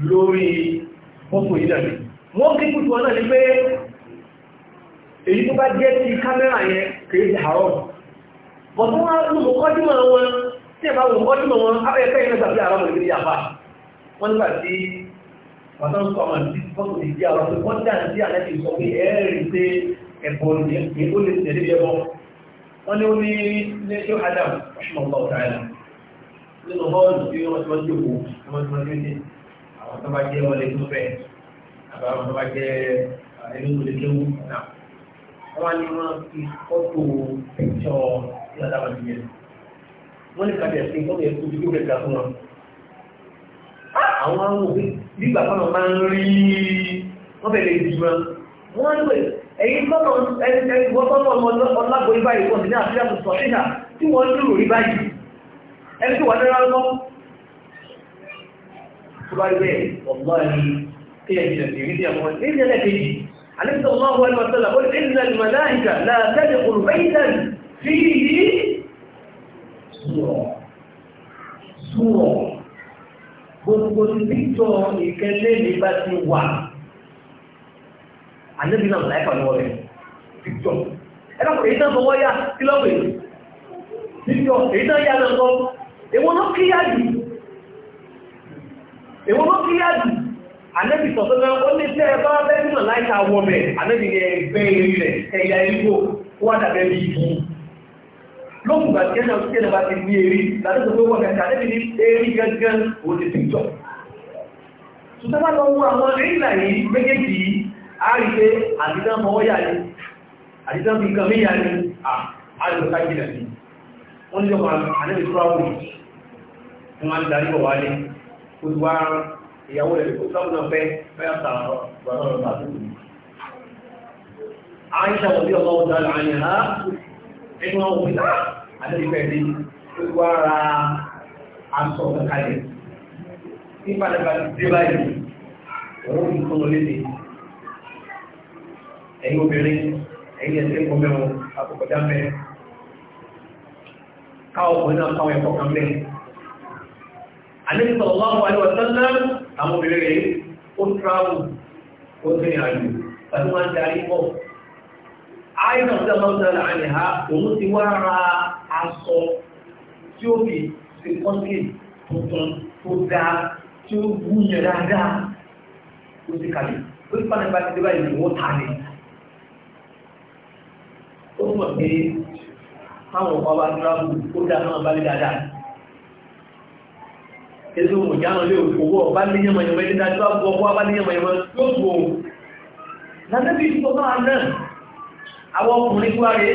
lórí pọ́pù ìdàrí wọ́n kí pùpù ọ̀nà ní pé èyí tó bá jẹ́ ti kámẹ́rà yẹn kìí ti àárọ̀ bọ̀tún wọ́n lù mọ́ kọ́júmọ̀ wọn tí ẹ̀bá wọn kọ́júmọ̀ wọn abẹ́ẹ̀kẹ́ ìrìnàjò àti àárọ̀ mọ̀ nígbà bá wọ́n nígbà tí wọ́n sọ ọmọ tí pọ́pù ti di àárọ̀ pé wọ́n dà sí àlẹ́ ti sọ pé ẹ̀ẹ́rì pé ẹ̀bọ̀ ni ó lè tẹ̀lé bẹ́ẹ̀ bọ́ wọ́n ní ó ní ní ṣé Adam ọ̀ṣun ọ̀gbà ọ̀tá ẹ̀ nínú bọ́ọ̀lù tí wọ́n ti wọ́n ti àwọn tó bá jẹ́ wọlé tó fẹ́ àbáwọn tó bá jẹ́ ẹni tó lè kéwú náà wọ́n ní wọ́n fi fọ́tò ẹ̀ṣọ́ sí adáwọ̀dì yẹn wọ́n ní kàdé ẹ̀sìn fọ́tò ẹ̀kú tó gbé ga fún wọn. àwọn àwọn òbí nígbà fọ́nà máa ń rí wọ́n bẹ̀rẹ̀ ìdí wọn wọ́n ní pé ẹ̀yin fọ́nà ẹ̀yin fọ́nà ọlágbó ibáyìí pọ̀ sí ní àfíà tó sọ tó bá rẹ̀ ọ̀gbọ́n ni kí ẹ̀ jìnà tèmi ní àwọn ní ìjẹ́lẹ̀ kejì àníṣe ọlọ́run wọn lọ sọ́lá wọn ní ìlànà màláìkà náà tẹ́lẹ̀ kò rẹ̀yìnlẹ̀ fi yí sùrọ̀ sùrọ̀ gbogbo títọ́ ìkẹ́lẹ́ mi bá yá kílọ̀pù èwo ló kí yájú ànẹ́bì sọ̀tọ́lá ó ní tẹ́ ẹ bá bẹ́ẹ̀ nínú láìka wọ́mẹ̀ ànẹ́bì yẹ ẹgbẹ́ eré rẹ̀ ẹ̀yà erígbò ó wá dàbẹ́ bí ibi lókùnbà tí ẹ̀nà tí ẹ̀nà bá ti ní eré làdóso pé wọ́n kẹta ànẹ́bì ní eré gángan ó ti fi jọ ṣùgbọ́n bá lọ wọ àwọn eré yìí méjèèjì yìí á rí pé àdídá mọ́ yà ni àdídá fi nǹkan mí yà ni àdóso kájí nà ni wọ́n ní olùwà ìyàwó rẹ̀ kó sáwọn náà fẹ́ fẹ́yà sàárọ̀ gbọ́dọ̀ lọ́ta tó wù. àìsà wọ̀dí ọmọ ọ̀dà láàyè ha ẹni wọn wò náà ah! àti ìfẹ́ ní olùwà ra aṣọ kankalẹ̀ ní padàbà dé báyìí òun ń kọ́ lórí mi. ẹ̀yin obìnrin ẹ̀yin ẹ̀sẹ̀ ń kọ́ àkókò dáfẹ́ káwọn ọkùnrin náà káwọn ẹ̀kọ́ kan bẹ́ẹ̀ àníbi sọ̀rọ̀láwọ̀ àríwọ̀tẹ́lẹ̀ àwọn obìnrin rẹ̀ ó tíráàmù ó tẹ́rìn àjò tàbí wọ́n ń darí pọ̀. àìsàn tí a máa ń tẹ́lẹ̀ àní ha òun ti wá ra aṣọ tí ó fi ṣe kọ́ńtì tuntun tó dáa tí ó wúyẹ dáadáa ó ti kàlẹ̀ ó ti pàdé pàdé débà yìí wọ́n tà ó mọ̀ pé táwọn ọba tíráàmù ó dáa náà bá lé dáadáa kéde òmò jáwọn lé òkòwò ọba ní yẹmọ yẹmọ ẹni dájú àbúkọ ọkọ ọba ní yẹmọ yẹmọ yóò tó òun lànàbí ìfọwọ́ náà àwọn ọkùnrin tó ààrẹ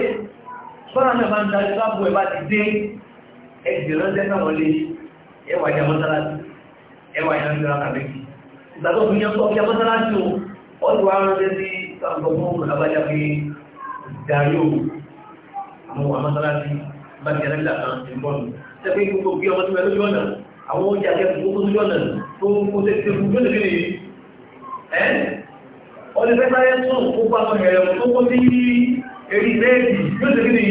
bọ́nà náà bá ń dájú àbú ẹ̀ bá ti dé ẹgbẹ̀ ránṣẹ́ káwọn lé ẹwà ìyá mọ́sálásí ẹwà ìyá mọ́sálásí kàbẹ́kì ìgbàgbọ́ fún yẹn kọ́ mọ́sálásí o ọdún aránṣẹ́ sí ọgbọ̀n abájá pé darí o àwọn mọ́sálásí bá ti ẹ̀rẹ́ àwọn oúnjẹ akẹ́kọ̀ọ́ tó kó sí ọ̀nà tó kó sí ẹ̀kọ́ tó lè fi ẹ́ ọdún pẹ́pẹ́ ayé tó kó bá wọn ẹ̀rọ tó kó sí eré bẹ́ẹ̀dì yóò lè fi ní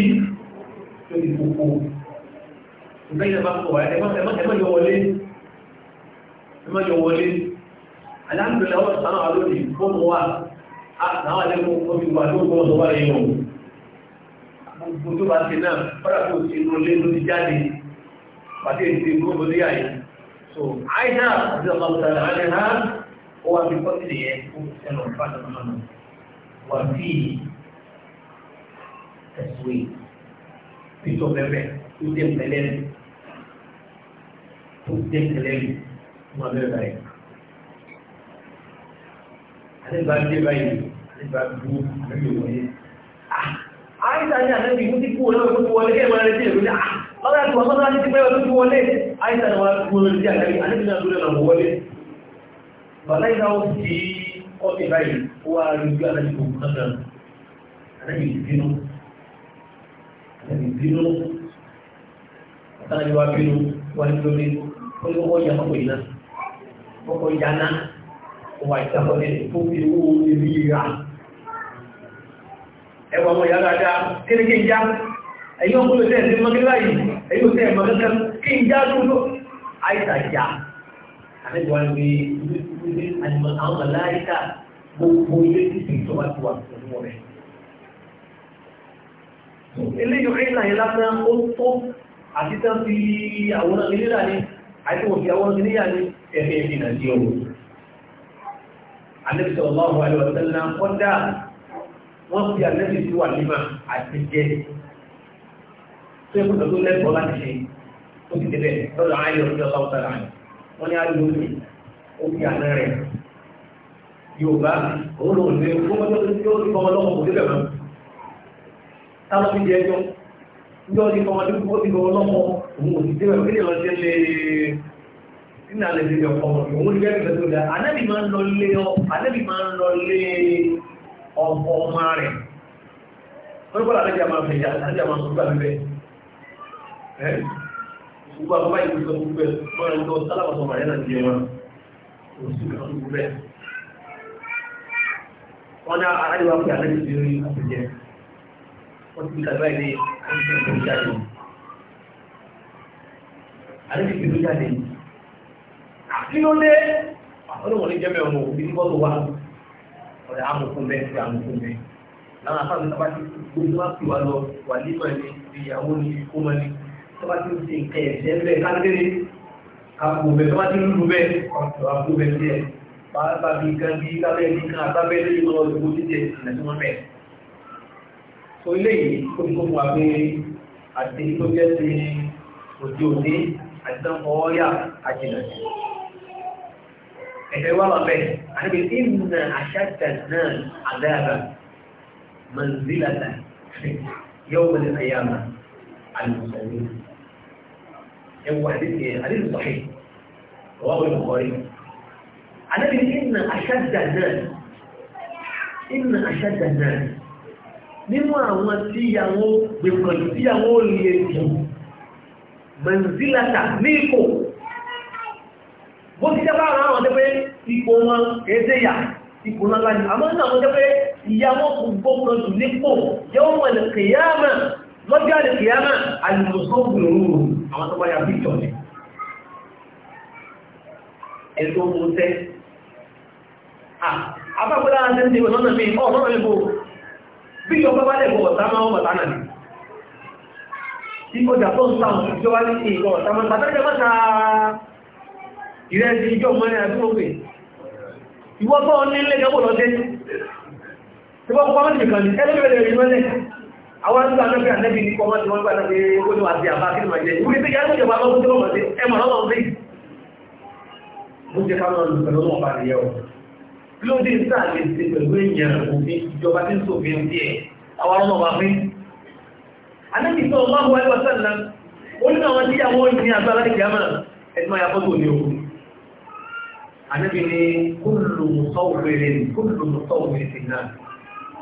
tó ti kókó ìgbẹ́yìn bá kọ̀ ẹ̀ ẹ̀mọ́ yọ wọlé ẹ̀mọ́ yọ wọlé aláàbìnrin àwọn ìsànà wà lónìí fóònù wà àwọn àlẹ́kùn omi wà pàtí èdè gbogbo lórí àyè so àìsà àti ọmọ òtàlà alẹ́ ha ó wà fi pọ́tì nìyẹn fún ẹnu ìfàdà mọ́nà wà fi ẹ̀sùn èyí pító bẹ́ẹ̀ tó dé pẹ̀lẹ́ tó dé pẹ̀lẹ́ mú abẹ́rẹ́ báyìí alẹ́ bá dé ah! ni alẹ́ bí mo ti kú ọ lọ́wọ́ Bọ́lá ti wọ́n sọ́dá ní ti pẹ́ ọdún tí wọlé, àìsàn wa gbọ́rọ̀ sí àgbáyé, àníbìnà tó lè lọ wọlé. Bàbá ìdá ó ti ọkẹ̀ báyìí, ó wá rí ojú àdájú gbogbo náà dára. Àdájú ìbínú. Àdájú ìbínú. Àtàlẹ́ wa bínú, wà ní lórí, ó ní ọkọ̀ ìyàmọ̀ ìná. Ọkọ̀ ìyàná, ó wà ìtàkọ̀lẹ̀ tó fi owó orí ra. Ẹwà ọmọ ìyá dáadáa, kí èyí ò sí ẹ̀mọ́ lọ́sẹ̀ kí n já lóòlò àìsà já àlejò ní ilé àjùmọ̀ àwọn màláìkà gbogbo ilé títí ìjọba ti wà pẹ̀lú rẹ̀. eléyìí ọ̀rẹ́ ìlànà lásán ó tó àti tán fi àwòrán ìlera ni àti òfin àwòrán ìlera ni ẹ̀fẹ̀ ẹ̀fẹ̀ nàìjíríà wò. àlejò sọ̀rọ̀ máa wà lọ́sẹ̀ náà kọ́dà wọ́n fi àlejò sí wà nímà àti jẹ́ tó yẹ kó tó lẹ́kọ̀ọ́ láti ṣe ó ti débẹ̀ lọ́dọ̀ ayé ọjọ́ ọ̀tá rà ní wọ́n ní ayé òkè òkè àná rẹ̀ yorùbá òun lòun lè fọmọdé yóò ní fọmọdé ọmọ òdébẹ̀ mọ́ táwọn fi jẹ́ ẹjọ́ yóò ní fọmọdé ó ti fọmọdé ọmọ òun òdébẹ̀ mọ́ kí ni lọ́ọ́ ṣe lè nínú alẹ́ ti jẹ ọmọ òun ní bẹ́ẹ̀ tó dá anábì máa ń lọ lé anábì máa ń lọ lé ọmọ ọmọ rẹ̀ wọ́n ní kọ́ gbogbo àwọn báyìí gbogbo gbogbo ẹ̀ máa ń lọ sálàmọ̀sọ màáyà náà di ẹran kò sí ìkan gbogbo ẹ̀ wọ́n dá aráàlú wa pé àlejò ti rí àtẹ̀jẹ́ wọ́n ti gbà báyìí ní àlejò ti rí jáde àlejò ti rí jáde kí ló dé ọlọ́wọ́n ní jẹ́mẹ̀ ọmọ òbí bọ́ tó wá ọ̀rẹ́ amòfin bẹ́ẹ̀ ti amòfin bẹ́ẹ̀ láwọn afáàmì tábà ti gbogbo wá sí wa lọ wà nígbà ní ìyàwó ní ìkómọ ní tó bá ti ń ṣe ìkẹ́ ẹ̀ṣẹ́ bẹ́ẹ̀ káàkiri kàpò bẹ́ẹ̀ tó bá ti ń lù bẹ́ẹ̀ ọ̀tọ̀ àpò bẹ́ẹ̀ tiẹ̀ pàápàá bí nǹkan bí kábẹ́ lórí ọmọ òṣèlú títẹ̀ ìṣẹ̀lẹ̀ tí so ilé yìí ó ti fún wa pé àti tó jẹ́ ti òde òde àti tán fọwọ́ yà àjìnà sí. ẹ̀fẹ́ wà wà bẹ́ẹ̀ àníbi tí ìmúna àṣàkà náà àdáyàrá manzilata yóò wọlé àyàmà àlùfẹ́ ẹwọ àdéhùn àdéhùn sọ̀hẹ́ ọwọ́ wọn kọ́ rí àdébí ìnà aṣájà náà ìnà aṣájà náà nínú àwọn tíyàwó gbẹ̀gbọ̀n tíyàwó lè jù mọ̀nzílàtà ní ipò bó ti jẹ́ bá àwọn àwọn tẹ́pẹ́ ipò wọn ẹ̀ẹ́dẹ́yà ipò lágbàjì àmọ́ ní àwọn tẹ́pẹ́ ìyàwó gbogbo kan jù nípò yẹ́wọ́n mọ̀lẹ̀kẹ̀yàmọ̀ lọ́jọ́ àti kìíyàmà alùsọ́gbùn òun àwọn tó bá ya píkọ̀ ní ẹ̀tọ́ ohun tẹ́ àpapọ̀lá àti ẹ̀tẹ́ ìwọ̀n lọ́nà míì ọ̀ lọ́nà mímọ̀ bí yọ bábá lẹ̀ bọ̀wọ̀ sáma ọmọ tánà ní ìkọjà tó ń sáwọn ìjọ wá ní ìkọ̀ sáma tàbí mọ́ta ìrẹsì ìjọ mọ́rin àdúgbò pé ìwọ́gbọ́ ní ilé gẹ́gbọ́ àwọn ẹgbẹ́ anábì anábì ní kọ́mọ́ tí wọ́n gbà náà pé ó ní àti àbá kí màá jẹ ìwé tí yàrá ìjọba lọ́wọ́ tí wọ́n mọ̀ sí ẹ mọ̀ lọ́wọ́ sí oúnjẹ ká máa lù pẹ̀lú wọn bá nìyẹn o kí ló dé sáà lè ṣe pẹ̀lú èèyàn òfin ìjọba tí ń sòfin díẹ̀ àwọn ọmọ wa pín anábì sọ ọmọ àwọn ẹgbẹ́ sẹ́nà ó ní àwọn tíyàwó ní agbára ìjàmà ẹni máa yàtọ̀ tó ní o anábì ní kúlù sọ́wọ́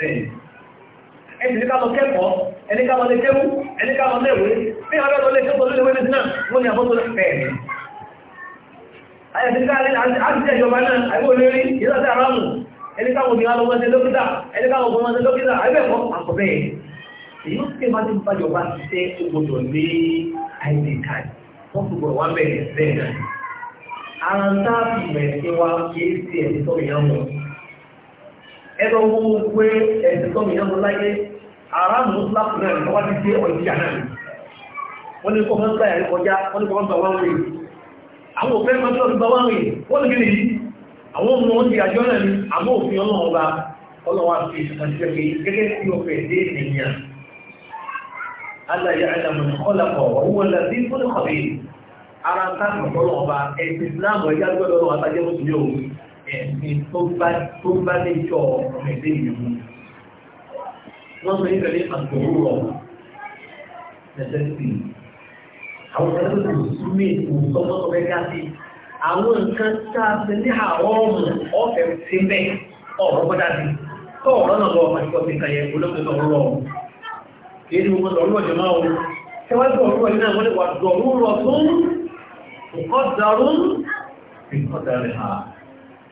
ẹni ká lọ kẹ́kọ̀ọ́ ẹni ká lọ lé kéwú ẹni ká lọ léwé ní ọjọ́ tó lé kéwú tó léwé nínú náà wọ́n ni àbọ́tò fẹ̀ẹ̀rẹ̀ ayẹ̀sí ká lé àti ìjọba náà àìwò lérí ìlọ́sẹ̀ aráàmù ẹni ká wọ́n ni wọ́n lọ́wọ́ ṣe dókítà ẹni ká wọ́n ṣe dókítà àìbẹ̀kọ́ àkọ́bẹ̀ èyí ó sì máa ti bá jọba ṣe gbọdọ̀ lé id card wọ́n fi gbọdọ̀ wá bẹ̀rẹ̀ bẹ́ẹ̀ náà ara ń tá ẹgbẹ́ owó gbé ẹ̀sìn tó mìíràn mú láyé ara mú lápù náà lọ́wọ́ ti dé ọ̀dí àná wọ́n ní kọ́kọ́ gbà ẹ̀rí kọjá wọ́n ní kọ́kọ́ gbà wọ́n rìn àwọn òfin máa tọ́jú gbà wọ́n rìn wọ́n ní kí àwọn ọmọ wọn di àjọ náà ni àwọn òfin ọlọ́run bá ọlọ́wà fi ìṣàkàṣẹ́ pé gẹ́gẹ́ sí ọ̀fẹ́ dé ènìyàn aláyé àdàmù kọ́lápọ̀ owó làbí fún ọ̀rẹ́ ara táàmù ọlọ́run bá ẹ̀sìn islam ẹ̀yà gbọ́dọ̀ ọlọ́run àtàjẹ́ mùsùlùmí ẹ̀sìn tó bá lè jọ ọ̀rọ̀ ẹ̀dẹ́ ìlú wọ́n mọ̀ nígbàlẹ́ àgbòrò rọ̀ necessity àwọn ẹ̀rọ tó súnmí ìfòsọ́mọ́sọ́ fẹ́ dá sí àwọn nǹkan sáàsì ní àwọn ọmọ ọ̀fẹ́ sí bẹ́ẹ̀ ọ̀rọ̀ gbọ́dá sí tó ọ̀rọ̀ náà lọ́wọ́ pàtíkọ́ sí kàyẹ olóògbé ọ̀rọ̀ kìí ní gbogbo ọ̀rọ̀ jẹ máa wọ́n tẹ́wàjú ọ̀rọ̀ iná wọ́n lè wà dọ̀rọ̀ tún ìkọ́dàrún ìkọ́dàrẹ̀ ha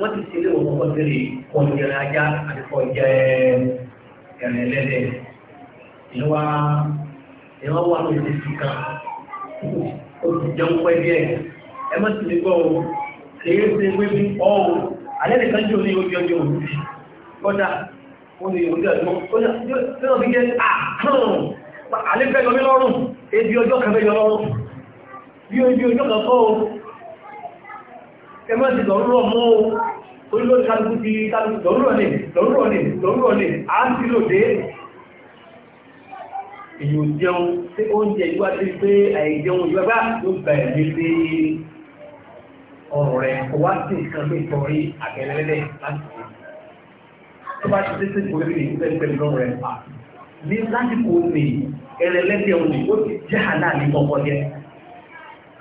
wọ́n ti ṣe ilé òun ọkọ̀ tẹ̀lé ọ̀jẹ̀rẹ̀ ajá àti ọ̀jẹ̀ ẹ̀rẹ̀ ẹlẹ́dẹ̀ ìwà ìwà wà ní ìdí sí kan ó ti jẹun pẹ́ díẹ̀ ẹ má sì ní gbọ́ o kìí ṣe pé bí ọ́ o alẹ́ nìkan jò ní ojú ọjọ́ òun sí kọ́dà ó ní ojú ẹ̀dùn kọ́dà tí wọ́n fi jẹ́ àkàrùn alẹ́ fẹ́ yọ mí lọ́rùn ebi ọjọ́ kan fẹ́ yọ lọ́rùn bí ojú ọjọ́ kan kọ́ o ẹmọ́ ti lọ́rọ̀ mọ́ orílọ́ kálùkù ti kálùkù lọ́rọ̀ ní lọ́rọ̀ ní lọ́rọ̀ ní a ń sílò dé èyí ò jẹun tí oúnjẹ yíwá tí pé àìjẹun yíwá bá ló gbà ẹ̀mí pé ọ̀rọ̀ rẹ̀ kò wá sí nǹkan pé ìtọ̀rí àgẹ̀lẹ́lẹ́ láti tó bá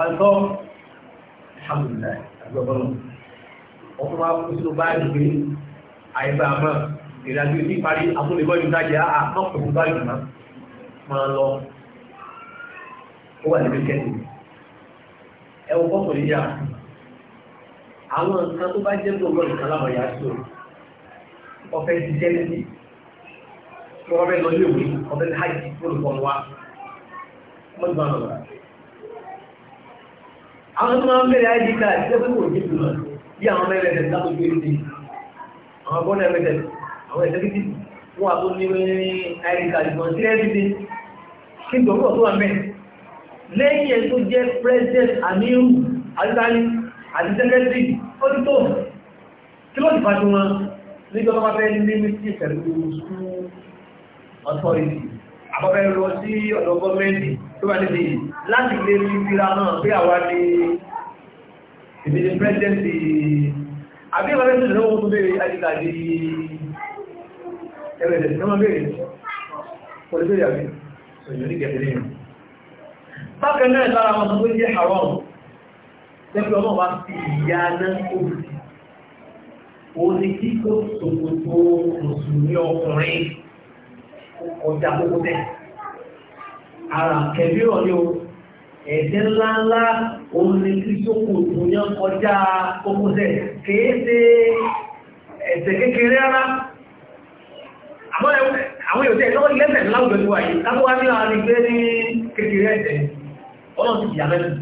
ọ̀tọ́ alhamdulilayi agbọ́bọ́nù ọkọ̀ máa kú sínú báyìí pé àìbá àmọ́ ìrìnàjò ní parí àtúnlẹ̀mọ́jú dájẹ́ àtọ́kùnrin báyìí máa lọ ó wà níbi kẹ́lì ẹwọ bọ́pọ̀ níyà àwọn nǹkan tó bá jẹ́ gbogbo nǹkan láwọn yà sí o ọ̀fẹ́ ti jẹ́ níbi ọ̀rọ̀ bẹ́ẹ̀ lọ ilé ìwé ọ̀fẹ́ ti hajj tó wa ọmọdé àwọn tó máa ń bẹ̀rẹ̀ id card ṣe pé kò ní ìtumọ̀ bí àwọn mẹ́rẹ̀ ẹ̀sẹ̀ sábò gbé ní àwọn bọ́ọ̀nà ẹ̀mẹ́tẹ̀ àwọn ẹ̀sẹ̀ kìtì wọn àtó ní id card kan sí ẹ̀sìtì kí gbọ̀ngbọ̀ tó wà mẹ́ lẹ́yìn ẹ̀ tó jẹ́ president amiru adúláyé àti secretary ó ti tó kí ló ti fàájú wọn nígbà wọn bá fẹ́ ní mímí pẹ̀lú school authority àbábẹ́ lọ sí ọ̀dọ̀ gọ́ọ̀mẹ́ntì tó bá níbi láti lè fi fira náà pé àwa ni èmi ni pẹ́sidẹ́ntì àbí ìbábẹ́ tó lọ́wọ́ tó bèèrè àdìgbà di ẹgbẹ̀rẹ̀ tó máa bèèrè pọ̀lú bèèrè àbí òyìn ní gẹ̀ẹ́rẹ́ yìí bákan náà lára wọn tó jẹ́ àwọn lẹ́pẹ́ ọmọ wa fi ìyá náà kó òní kíkó tòkòtò ọjà gbogbo bẹ́ẹ̀. Ara kẹ̀mí rọ̀ ni o, ẹ̀ṣẹ̀ ńláńlá òun ni kírísókò tó yán kọjá gbogbo bẹ́ẹ̀. Kìí ṣe ẹ̀ṣẹ̀ kékeré rárá. Àwọn èèyàn tẹ̀ lọ́wọ́ ilé ẹ̀sẹ̀ ńlá òjò ti wà yìí, ká wá ní àwọn ìgbé ní kékeré ẹ̀ṣẹ̀. Ọlọ́run ti yà mẹ́rin.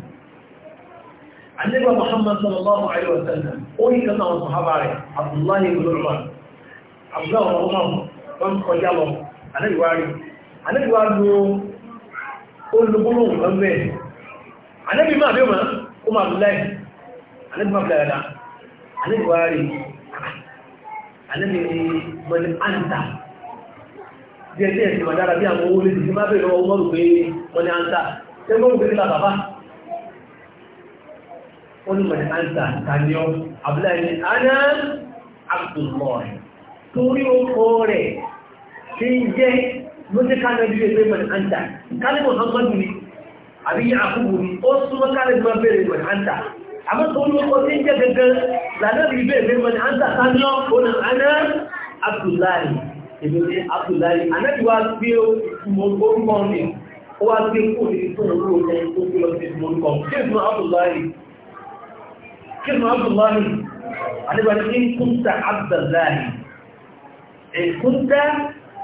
Àníbà Muhammad sallallahu alaihi wa sallam, ó ní kan náà sọ̀hábà rẹ̀, Abdullahi ibn Umar, Abdullahi ibn Umar, wọ́n kọjá lọ, àlẹ́bíwárí àlẹ́bíwá lo olùgbóló nǹkan bẹ́ẹ̀ àlẹ́bí máa bí ó máa ó máa bí láì àlẹ́bí máa bí láì dáa àlẹ́bíwárí àlẹ́bí mọ́ni àǹtà díẹ̀ díẹ̀ sí màdára bí àwọn olè ti máa bèèrè ọwọ́ mọ́rù pé mọ́ni àǹtà tẹ́gbọ́n pé nílá bàbá ó ní mọ̀ni àǹtà tàníọ́ àbúláì ní àná àbùdùmọ̀ rẹ̀ torí ó kọ́ rẹ̀ tí ń jẹ́ lóṣẹ́ kánàbí ẹgbẹ́ mẹ́rin àǹtà kálí muhammadu ni àbí yakubu ni ó súnmọ́ kálí máa bẹ̀rẹ̀ mẹ́rin àǹtà àmọ́ tó ní ọkọ̀ tí ń jẹ́ gẹ́gẹ́ lànàbí bẹ̀rẹ̀ mẹ́rin àǹtà sáníọ́ òun àná abdullahi èmi ní abdullahi anábì wa gbé orúkọ mi ó wá gbé kó ní tó ń rò ní tó gbé lọ sí abdullahi kí kúnta abdullahi ń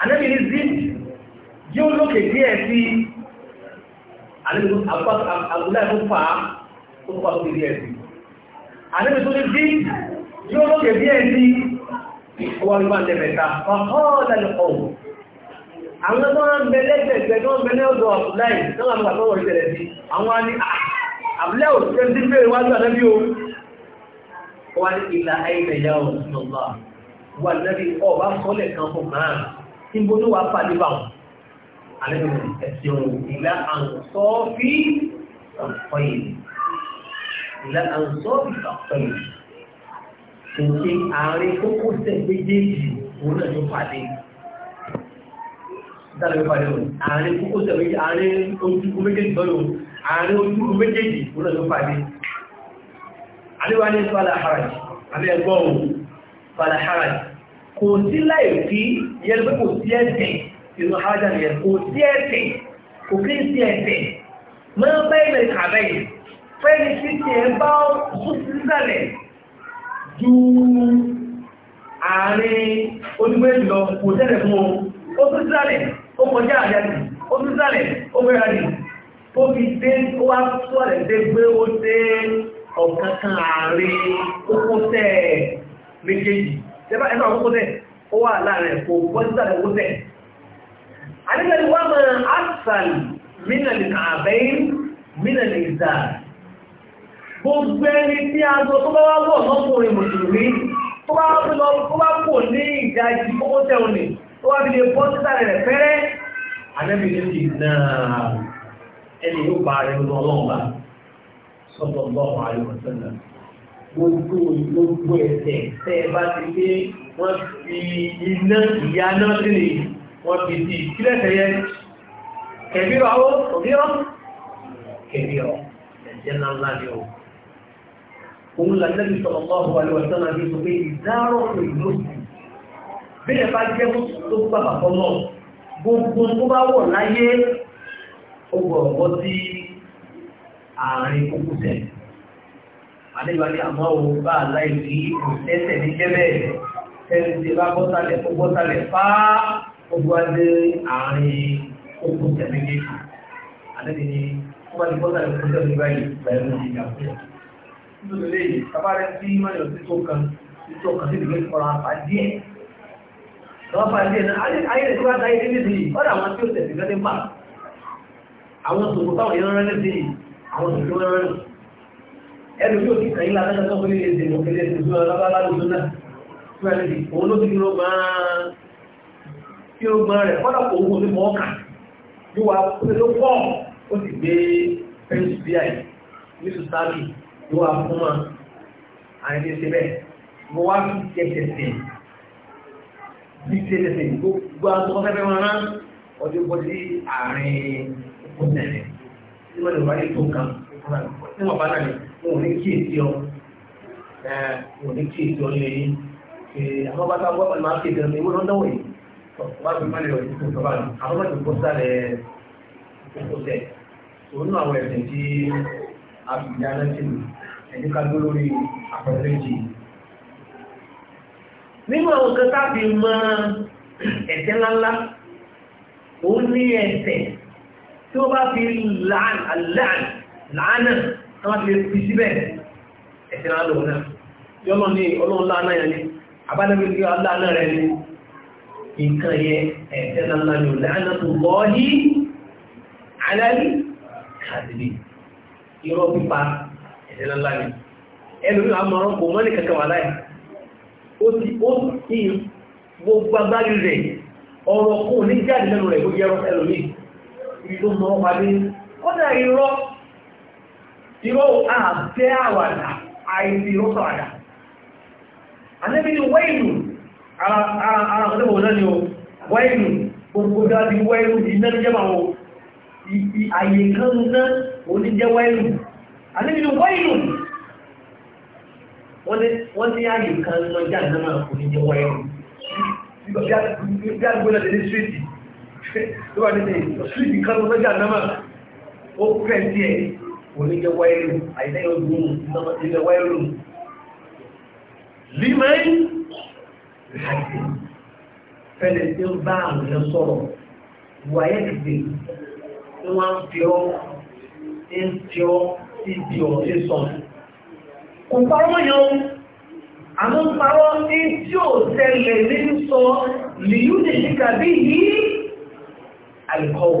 Ànábì ní zip yóò lókè díẹ̀ sí àgúlá ẹ̀fún fà á tó kọ́ lókè díẹ̀ sí. Ànábì tó ní zip yóò lókè díẹ̀ sí ọwọ́ ìgbà tẹ̀mẹ̀ta fàkọ́ọ̀lá ìkọ̀wò. Àwọn tó ń bẹ lẹ́gbẹ̀ẹ́gbẹ̀ tó ń bẹ ní ọ̀dọ̀ àbúlá ì tó wà nígbà tó wọ̀ ìṣẹ̀lẹ̀ sí. Àwọn ni ah, àbúlá ò tẹ́ sí pé wájú ànábì o. ìlà ayé ìrẹ̀yà ọ̀sùn ọ̀gbà. Wọ́n ànábì sọ́lẹ̀ kan fún màá níbo ló wàá pàdé bá wọn alẹ́ mi ẹ̀sìn òun ìlà àǹsọ́ọ̀fì ọ̀pọ̀yìn ìlà àǹsọ́ọ̀fì ọ̀pọ̀yìn tòṣe àárín kókó tẹ̀ méjèèjì òun náà ló pàdé dára ló pàdé òun àárín kókó tẹ̀ méjèèjì àárín ojúkú méjèèjì lọ́yọ̀ àárín ojúkú méjèèjì òun náà ló pàdé àríwá ní fàlàhàràjì àbí ẹgbọ́n fàlàhàràjì kò sí láìsí yẹn pé kò sí ẹ̀sìn ìlú hajj nìyẹn kò sí ẹ̀sìn kò kí ń sí ẹ̀sìn máa bẹ́ẹ̀ lè kà bẹ́ẹ̀ fẹ́ni tí tiẹ̀ bá sùn sísàlẹ̀ ju àárín onígbèjì lọ kò tẹ́lẹ̀ fún o ó tún sísàlẹ̀ ó kọjá àjáde ó tún sísàlẹ̀ ó gbéra nì tó fi dé ó wá sọ̀rẹ̀ dé gbé ó dé ọ̀kankan àárín kókó tẹ̀ méjèèjì ẹ̀bá ẹ̀nà àwọn kókó tẹ̀ ó wà láàrin ẹ̀kọ́ bọ́sítà ẹ̀kọ́ tẹ̀ àdígbẹ̀rẹ̀ wà mọ́ àṣàlì mínàlì àbẹ́yìn mínàlì ìzà gbogbo ẹni tí a sọ tó bá wá wọ̀ lọ́kùnrin mùsùlùmí tó bá kò ní ìdájí kókó tẹ̀ òní tó wá fi lè bọ́sítà rẹ̀ fẹ́rẹ́ àdẹ́bìnrin ti náà ẹni yóò bá rẹ̀ lọ́wọ́ gbogbo gbogbo ẹ̀sẹ̀ tẹ́ ẹ bá ti pé wọ́n fi iná ìyá náà sí ni wọ́n fi sí ìkílẹ̀sẹ̀ yẹn kẹ̀bírọ̀ awó òbírọ̀ kẹ̀bírọ̀ ẹ̀jẹ̀ náà ńlá ni o. òun làjẹ́bí sọ̀rọ̀ mọ́ ọ̀hún àlewà sọ́nà bí sọ pé ìdárọ̀ ìlú bí ẹ bá jẹ́ tó gbà bàbọ̀ mọ́ gbogbo tó bá wọ̀ láyé ó gbọ̀rọ̀ bọ́ sí àárín kókó sẹ́yìn àdébàdé àmọ́ o bá aláìsí òṣẹ́sẹ̀ ní jẹ́bẹ̀ tẹ́lẹ̀ tí bá bọ́sálẹ̀ ó bọ́sálẹ̀ fá ogun adé àárín okùn tẹ̀mẹ́gẹ́ àdébì ni ó bá ti bọ́sálẹ̀ okùn tẹ̀mẹ́gẹ́ báyìí bẹ̀rẹ̀ ní ìjà fún ẹ̀. nítorí léyìí tabarẹ́ tí mayọ̀ sí tó kan sí tó kan sí ìdílé kọ́ra àpá díẹ̀ lọ́wọ́ fà díẹ̀ náà ayé rẹ̀ tó bá dáyé níbi ọ̀dà àwọn tí ó tẹ̀sí lẹ́ni pa àwọn tòkòtà òyìnbó rẹ̀ níbi àwọn ẹnu yóò ti kàn yín látàkà tó fún ilé ìdìbò kẹlẹ ìdìbò alábàlálùsọ náà fún ẹni òun ló ti kí ló máa kí ló máa rẹ̀ kọ́dà kò wọ́n ní mọ́ ọ̀kà yóò wá pé ló pọ̀ ó sì gbé fẹ́ǹsì bí i ní sùsáàbì yóò wá fún wa àyẹ̀dí ṣe bẹ́ẹ̀ mo wá fi tẹ̀tẹ̀tẹ̀ bí tẹ̀tẹ̀tẹ̀ gbogbo àtọ́kọ́ fẹ́fẹ́ wọn rán ọdún bọ́ sí àárín òkúta rẹ̀ tí wọ́n lè wáyé tó kàn ní wọ́n bá náà wọn ò ní kí èsì ọ wọn ò ní kí èsì ọ lé yín àwọn bá sábà wọn máa ń kéde ọmọ ìwé lọ́dọ̀ wọ̀nyí wọn fi máa lè wọ̀nyí fún ìjọba rẹ àwọn bá ti kó sálẹ̀ kókó tẹ̀ òun náà àwọn ẹ̀sìn tí a fi di aláṣẹ mi ẹ̀dí ká dúró lórí àpẹẹrẹ nínú àwọn nǹkan tá a fi mọ ẹ̀ṣẹ̀ ńláńlá òun ní ẹ̀ṣẹ̀ tí ó bá fi láàn láàn láàánà tán lè fi síbẹ̀ ẹ̀sìn àlọ́ náà yọ́lọ́ ní ọlọ́run láàánà yẹn ni àbálẹ́bí ní aláàánà rẹ̀ ni nǹkan yẹ ẹ̀sẹ̀ láàánà yóò láàánà tó lọ́ yí aláàrí kàdìdì irọ́ pípa ẹ̀sẹ̀ láàánà yẹn ẹlòmí àmọ́ràn kò mọ́ ní kankan wà láì ó ti ó ti gbogbo ọ̀rọ̀ kò ní jáde lẹ́nu rẹ̀ ó jẹ́ ẹlòmí ìlú mọ́ padì kọ́dà irọ́ irọ́ àfẹ́ àwàdà àìsí irọ́ sọ̀wàdà anẹ́bí ni ara ọ̀dẹ́bọ̀ náà ni ó wẹ́ìlú gbogbo dáadí wẹ́ìlú iná ní jẹ́ àyè kan ná oníjẹ́ wẹ́ìlú anẹ́bí ni wọ́n ní àyè kan lọ jẹ́ àdámà oníjẹ́ wẹ́ìlú kan oníjẹ wáyélù àìsẹ́ ogun ìjọba wáyélù límẹ́yìn láti fẹ́lẹ̀ tí ó bá àwọn èèyàn sọ̀rọ̀ wáyé kìdè tí wọ́n ń fi ọ́ ń fi ọ́ sí ibi ọ̀rọ̀ sí sọ kò parọ́ yan àmọ́ parọ́ ní tí ò tẹ́lẹ̀ ní sọ lìyúnì níkàbí yìí àìkọ́wò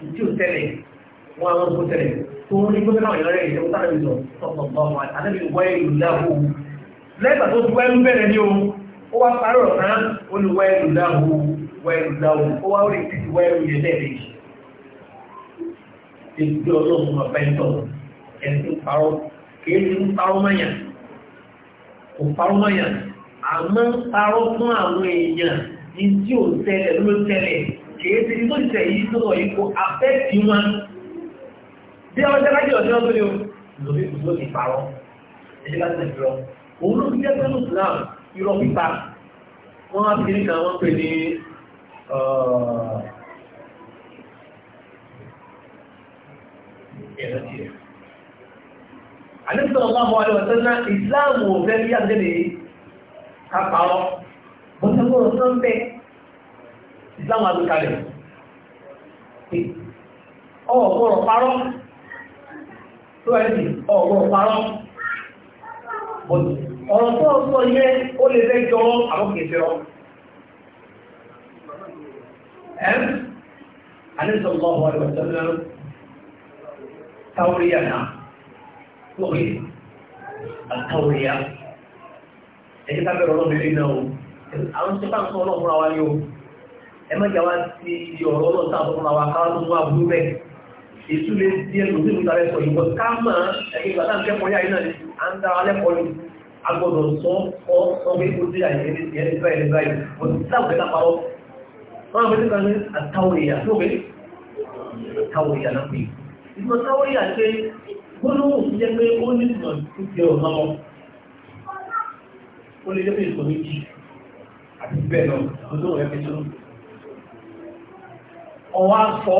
tí ó tẹ́lẹ̀ wọ́n àwọn ọkọ̀ tẹ́lẹ̀ tó ń rí gómìnà ìrọ̀lẹ́ ìjẹ́ òtàrà ìjọ tọ̀tọ̀tọ̀ àtàlẹ́ ìwọ́ ìlú dáhù lẹ́gbà tó ti wáyé bẹ̀rẹ̀ ní ohun ó wá parí ọ̀rọ̀ náà ó ní wáyé ìlú dáhù wáyé ìlú dáhù ó wá rí títí wáyé ìlú yẹn lẹ́ẹ̀mejì ìgbé ọlọ́run máa bẹ́ẹ̀ tọ̀ ẹni tó parọ́ kì í ń parọ́ mọ́yà kò parọ́ mọ́yà àmọ́ parọ́ fún àwọn èèyàn ní tí ò tẹ́lẹ̀ ló tẹ́lẹ̀ kìí ti tó ṣẹ̀ yìí tó sọ yìí kò àfẹ́ẹ̀tì wọn bí ọjọ́ lájọ́ ọjọ́ tó ní o lórí ìlú ìparọ́ ẹ̀ṣẹ́ láti ìrọ̀ òun ló fi jẹ́ pẹ́lú Islam irọ́ pípa wọ́n á fi níkan wọ́n pè ní ẹ̀rẹ́tì rẹ̀ àdébùtọ̀ ọ̀gá àwọn àdébùtọ̀ náà Islam ò fẹ́ bí àdébùtọ̀ kápá wọn bọ́sẹ̀ Islam àgbékalẹ̀ ọ̀gbọ̀rọ̀ parọ́ tó ẹ̀sì ọ̀gbọ̀rọ̀ parọ́ ọ̀rọ̀ tó ọ̀sọ̀ yẹ ó lè fẹ́ jọ àwọn kèfẹ́ ọ ẹ̀m alẹ́sọ̀lọ́wọ́ àríwọ̀sẹ̀lẹ́ táwọ́ríyà náà lórí àtàwọ́ríyà ẹ̀kẹ́ta bẹ̀rẹ̀ ọlọ́mẹ́rin náà àwọn tó bá ń sọ ẹ má jà wá sí iye ọ̀rọ̀ ọlọ́ta àbọ̀kùn àwọn akáwọn tó wà sọ ni à ń dára lẹ́kọ̀ọ́ ni a gbọ́dọ̀ sọ ọ sọ pé ó dé àyè ẹni báyìí ẹni báyìí mo ti sáwọ̀ ẹ̀ka parọ́ wọn àbẹ̀tẹ̀ kan ní àtàwọn èèyàn tó bẹ̀ àtàwọn èèyàn náà pè é ìgbà táwọn èèyàn ṣe gbólóhùn tó jẹ́ pé ó ní ìmọ̀ tó jẹ́ ọ̀nà wọn ó lè jẹ́ pé ọwá sọ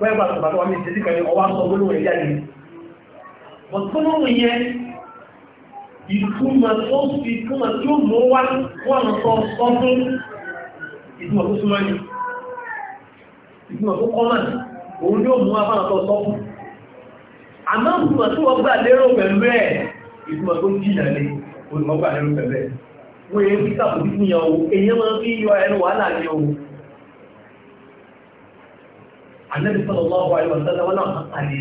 pẹ́gbà tó bàtọ́ wà ní ìsẹ́sí kẹrin ọwá sọ gbólóhùn ẹ̀yà ni ọ̀tọ́lọ́rùn yẹn ìtumọ̀ tó fi túmọ̀ tí ó mọ́ wá wọ́n sọ sọ fún ìtumọ̀ tó súnmọ́ ni ìtumọ̀ tó kọ́mọ̀ òun ni ó mú wọn sọ sọ fún àmọ́ ìtumọ̀ tó wọ́n gbà lérò pẹ̀lú ẹ̀ ìtumọ̀ tó jìnà ni olùmọ̀gbà lérò pẹ̀lú ẹ̀ wọ́n yẹ ànábì sallallahu alaihi wasallam wọn náà pàdé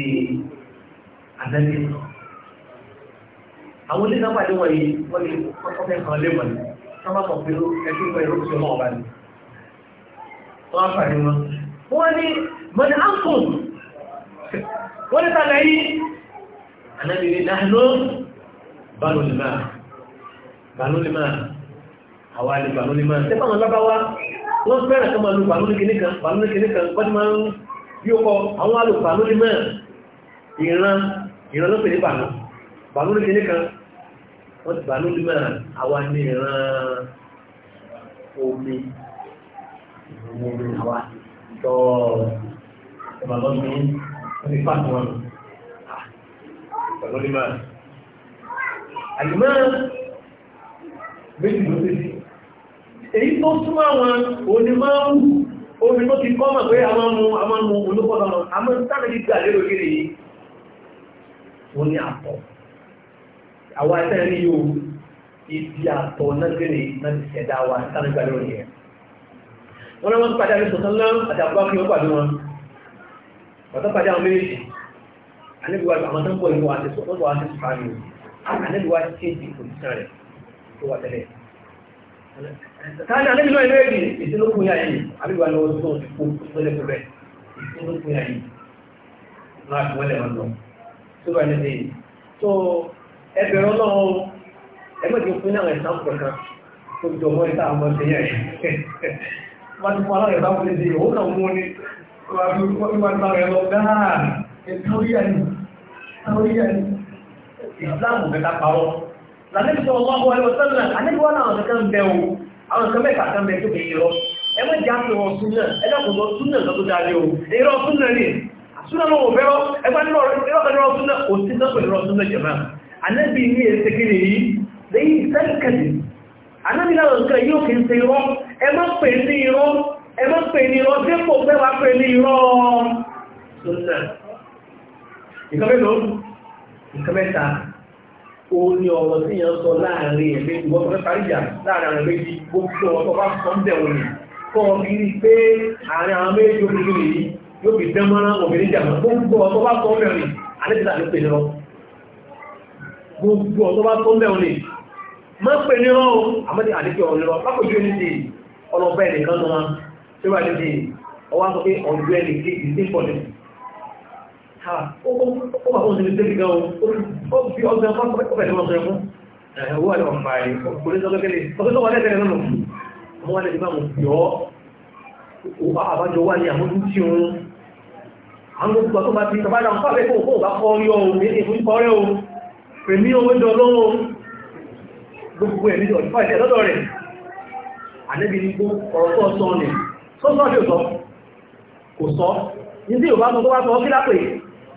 ànábì àwọn ilé náà pàdé wọ̀nyí wọ́n lè kọ́kọ́ fẹ́ kàn lé wọ̀nyí wọ́n bá kọ̀ pé ẹtí wọ́n ìró tó náà wà ní wọ́n á pàdé wọn. wọ́n ní mọ̀nà áńkùn wọ́n ní sàlẹ̀ yìí ànábì ní dáhùn bánú lè máa bánú lè máa bí ó kọ àwọn alùpà lórí mẹ́rin ìran ìran ló pèlé bàánú bàánú lórí nìkan wọ́n ti bàánú lórí mẹ́rin àwa ní ìran omi omi àwa tọ́ ẹ̀bà lọ́nà ní pàtó wọn pẹ̀lú onímọ̀ àlùmọ́ méjì ló pèsè èyí tó súnmọ́ àwọn onímọ̀ wù omi ló ti kọ́mọ̀ pé a máa mú a máa mú olókọ́ta lọ a máa sáré ti gbà lérò kiri yìí wọ́n ní àtọ̀ àwọn ẹ̀sẹ̀ ní yóò ibi àtọ̀ náà kiri náà ti ṣẹ̀dá wa sáré gbà lérò yẹn wọ́n náà wọ́n padà ní sọ̀tán náà àti àbúrò kí wọ́n pàdé wọn wọ́n padà àwọn méjèèjì anábìwá àwọn tó ń bọ̀ ìlú àti sọ̀tán wọ́n ti sọ̀tán ní anábìwá ti ń ti pòlísàn rẹ̀ káàdì alẹ́bìnà ilé èdè ìsinúkún yà yìí àbíwá lọ́wọ́ tó ti kú ìpínlẹ̀ tó rẹ̀ ìsinúkún yà yìí máa fi wọ́lẹ̀ wọn lọ tó bá ní bẹ́ẹ̀ tó ẹgbẹ̀rún ọlọ́run ẹgbẹ́ ti fún náà ẹ̀sán kankan tó jọ mọ́ ìta àwọn ọmọdé yà yìí wọ́n ti fún aláwọ̀ ẹ̀sán fún ẹ̀sán òun náà mú ní wọ́n fi wọ́n bá rẹ̀ lọ dáa ẹ̀tọ́ríyà ni ìsìláàmù mẹ́ta pàrọ̀ lànà ìṣọ́ ọlọ́wọ́ ẹ̀wọ̀ sẹ́lẹ̀ àwọn nǹkan mẹ́ta kan bẹ tó bẹ irọ́ ẹ mọ́ jẹ́ àpè wọn súnà ẹ dákun lọ súnà lọ tó dáre o irọ́ súnà ni súnà lọ́wọ́ bẹ́rọ ẹgbẹ́ irọ́ kan irọ́ súnà kò sí náà pẹ̀lú irọ́ súnà jẹ̀má anábì ní èsì kiri yìí lẹ́yìn sẹ́ńkẹ̀lì anábì náà nǹkan yóò kì í ṣe irọ́ ẹ má pè ní irọ́ òun ni ọ̀rọ̀ tí yẹn sọ láàrin ẹ̀mẹ́ ìwọ́n fẹ́ paríjà láàrin àwọn méjì gbogbo ọ̀tọ́ bá sọ ń bẹ̀ kọ́ kiri pé àárín àwọn méjì obìnrin yìí yóò fi dánmọ́ra obìnrin jà mọ́ gbogbo ọ̀tọ́ bá sọ ń bẹ̀ wọ̀nyí alẹ́tẹ̀lá ló pè nírọ́ gbogbo ọ̀tọ́ bá sọ ń bẹ̀ wọ̀nyí má pè nírọ́ o àmọ́tí àdékẹ́ ọ̀rọ̀ nírọ́ lápòjú ẹni ti ọlọ́bẹ̀ nìkan Ah, ó wà fún ìsinmi tẹ́lì gan ó fi ọgbẹ́ ọpẹ́ ìwọ̀n sọ ẹ̀fún ẹ̀wọ́ àlọ́ ọ̀pàá rẹ̀ kò ní sọ́kẹ́ kẹ́lẹ̀ ọ̀pẹ́ tó wà lẹ́tẹ̀rẹ̀ lọ́nà ọmọ wọn lẹ́tẹ̀ bá mọ̀ yọ́ àbájọ wà ní àmójú tí òun àwọn olùgbà tó bá ti tàbádà ń pàbẹ́ kò kò bá kọ́ rí ọ̀hún ní ìfún kọ́ rẹ̀ ohun pèmí owó jọ lọ́wọ́ gbogbo ẹ̀mí jọ ìfà ìtẹ̀ lọ́dọ̀ rẹ̀ ànẹ́bí ní gbó ọ̀rọ̀ tó sọ ní sọ́sọ́ ní ò sọ kò sọ ní tí ò bá sọ tó bá sọ kí lápè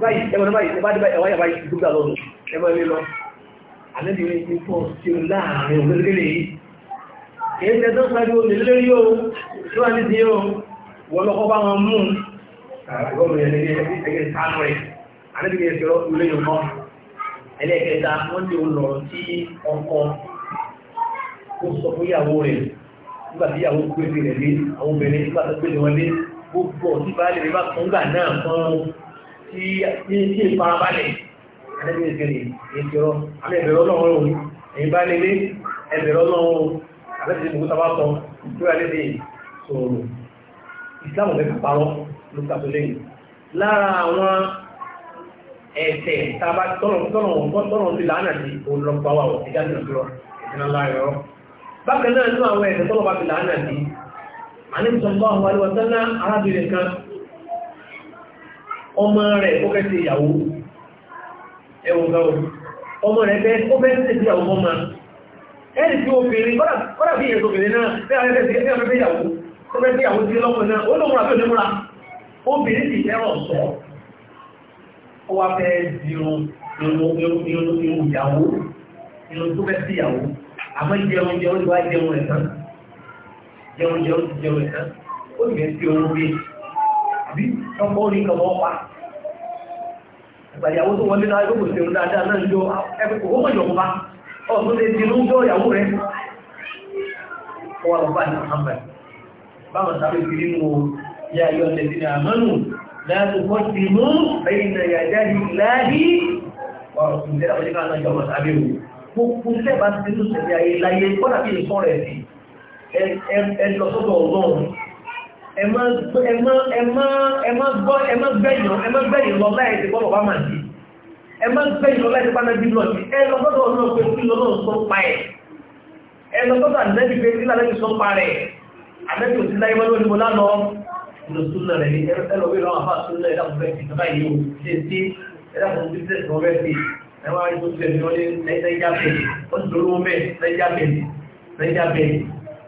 báyìí ẹwọ́n báyìí ẹbá dé báyìí ẹwáyà báyìí gbogbo àlọ́ ẹbọ́ ilé lọ àlẹ́bìnrin ti pọ̀ sí o láàrin òlélẹ́lẹ́ yìí èyí tẹ́ tó sáré olèlélẹ́ yóò tó wà nídìí yóò wọ́n lọ́kọ́ bá wọn mú ẹlẹ́kẹta wọ́n ní o lọ̀rọ̀ sí ọkọ ó sọ fún ìyàwó rẹ̀ nígbàtí ìyàwó gbé rẹ̀ lé àwọn obìnrin nígbàtí gbé rẹ̀ wọlé gbogbo ọ̀sí bá lè rí bá kọ́ńgà náà fún tí tí tí ìfarabalẹ̀ àdébí ìgbèrè ìgbèrò àmì ìbẹ̀rẹ̀ ọlọ́run òun èyí bá lélé ẹbẹ̀rẹ̀ ọlọ́run àbẹ́sẹ̀ ìmú sábà sọ tó yà lédè sọ̀rọ̀ ìsìláàmù mẹ́fà parọ́ ló kàtó lẹ́yìn lára àwọn ẹ̀sẹ̀ tábà tọ́nà ti lánà sí olùrọ̀pọ̀ àwọn ìjà ìjọ̀jọ̀ ìjìnà láàrin ọ̀rọ̀ bákan náà nínú àwọn ẹ̀sẹ̀ tọ́nà bá ti lánà sí àníbùsọ̀ ọmọ rẹ̀ ó fẹ́ ṣe ìyàwó ẹwọ̀n gan ọmọ rẹ̀ fẹ́ ó fẹ́ ṣe ìyàwó ọmọ ẹni tí obìnrin kọ́dà bí ìyẹn obìnrin náà fẹ́ àwọn ẹgbẹ́ sí ọmọ ìyàwó ó fẹ́ ìyàwó sí lọ́pọ̀ náà ó lọ́mọ àbí onímọ̀ra obìnrin sì fẹ́ràn sọ ó wá fẹ́ dirun irun ìyàwó irun tó fẹ́ sí ìyàwó àmọ́ jẹun jẹun ti wá jẹun rẹ̀ tán jẹun jẹun ti jẹun rẹ̀ tán ó sì fẹ́ sí orun rí ọkọ̀ orí lọ́wọ́ pa ìgbàyàwó tó wọlé náà yóò pèsè dáadáa náà yóò ẹgbẹ̀kọ̀ ó mọ̀yọ̀ pa ọ̀tún lè dinú yóò yàwó rẹ̀ ọwọ́ àbúbá ní Muhammad báwọn sáré fi nínú yá yọ lẹ́bí ní àmọ́nù láti kọ́ ti mú ẹ̀yìn ìyàjá ìláàrí ọ̀rọ̀ ìjẹ́ àwọn ìjọba náà yọ̀wọ̀ sáré o gbogbo lẹ́bàá ti nínú sẹ̀lẹ̀ ẹmọ́ gbẹ̀yìn lọ láì ti gbọ́dọ̀ bá máa di ẹmọ́ gbẹ̀yìn lọ láì ti pánà bí lọ́ọ̀dì ẹlọ gbọ́dọ̀ náà pé kí lọ́nà sọ pa ẹ̀ ẹlọ gbọ́dọ̀ àdínẹ́bí pé kí lọ́nà sọ pa rẹ̀ àdínẹ́bí ò sí láyé mọ́ lónìí mo lánàá lọ súnlẹ̀ rẹ̀ ẹlọ bí lọ́wọ́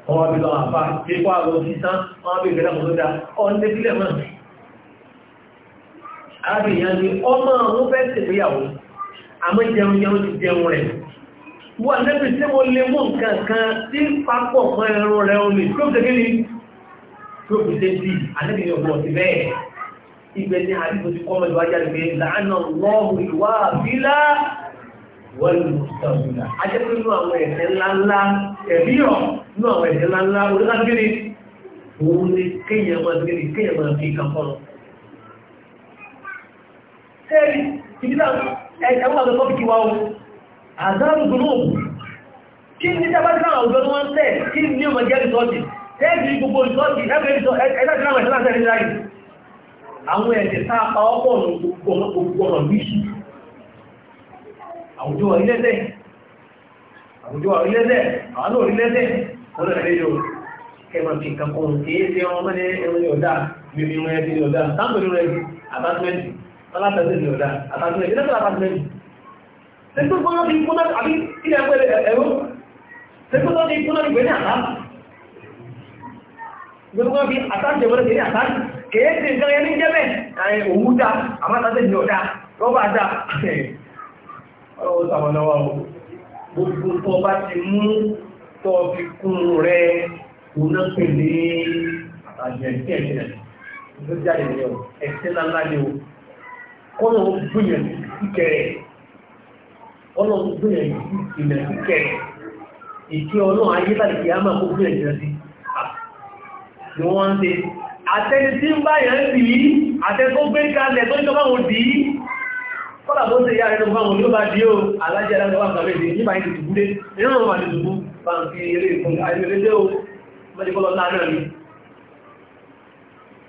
wọ́n wá bí lọ àpá pípọ́ àlọ́ sísán wọ́n wá bí ìgbẹ́lẹ̀ mọ̀ lódá ọ̀nẹ́ sílẹ̀ mọ́ arábìnrin ni ọmọ àwọn fẹ́ ṣègbéyàwó àmọ́ jẹun jẹun ti jẹun rẹ̀ wọ́n lẹ́bí tí mo lè mú nǹkan kan tí papọ̀ mọ́ ẹran rẹ̀ omi tó fi kí ni tó fi ṣe bí àlẹ́bìnrin ọ̀pọ̀ ti bẹ́ẹ̀ ibẹ̀ ni àdìbò ti kọ́ mẹ́lú ajá wọ́n lù sọ̀rọ̀ ajẹ́pẹ́ inú àwọn ẹ̀ṣẹ̀ ńláńlá ẹ̀bíọ̀ inú àwọn ẹ̀ṣẹ̀ ńláńlá onílágbére òun ni kéèyàn máa gbére kéèyàn máa fi kan fọ́nà. sẹ́ẹ̀lì ibi táwọn ẹ̀ṣẹ̀ wọn àgbẹ̀kọ́ fi wá o àzáàrù gbólóòbù kí ni tábà tí àwọn ọ̀gbẹ́ni wọn tẹ̀ kí ni ọmọ jẹ́ rìsọ́ọ̀tì sẹ́ẹ̀lì gbogbo rìsọ́ọ̀tì ẹgbẹ́ rìsọ́ọ̀tì ẹ̀ àwùjọ orílẹ̀-èdè àwùjọ orílẹ̀-èdè àwọn náà orílẹ̀-èdè lọ́dọ̀ ìrẹ́jọ kẹmọ̀ fi nǹkan kan kìí ṣe wọn mọ́ ní ẹ̀rọ ní ọ̀dà mímí wọn ẹbí ní ọ̀dà táǹkì ní ọ̀dà àtàtúmẹ̀tì alábẹ̀sẹ̀ ní ọ̀dà àtàtúmẹ̀tì lẹ́tọ̀ àtàtúmẹ̀tì tẹ́tọ́ gbọ́nà ti kúnná àbí ilẹ̀ ẹgbẹ́ ẹ̀rọ tẹ́tọ́ tó ti kúnná ìgbẹ́ ní àtà gbogbo bí àtàjẹ̀ mọ́lẹ̀ ní àtà kìí ṣe nǹkan yẹn ní jẹ́bẹ̀ ọ̀rọ̀ sàmọ̀lọ́wà o gbogbo tó bá ti mú tó fi kún rẹ òun pè ní àjẹ̀kí ẹ̀jẹ̀ ló jáde ní ọ ẹ̀sẹ̀ ńláńlá ni o kọ́nà ó gbìyàn kíkẹrẹ kọ́nà ó gbìyàn ìlẹ̀ kíkẹrẹ ìkí ọlọ́run ayé láti kí á máa kó gbìyàn jẹ́ sí kọ́lá tó ṣe yára ẹnu fáwọn olóba dí ó alájẹ́ aláwọ̀ àgbàmẹ́dẹ̀ nígbà yìí ti gúdé inú ọmọ àti ìdùgbú bá ń fi eré ìfún àìrẹ́lẹ́dẹ́ ó mẹ́díkọ́lọ́ láàrín àmì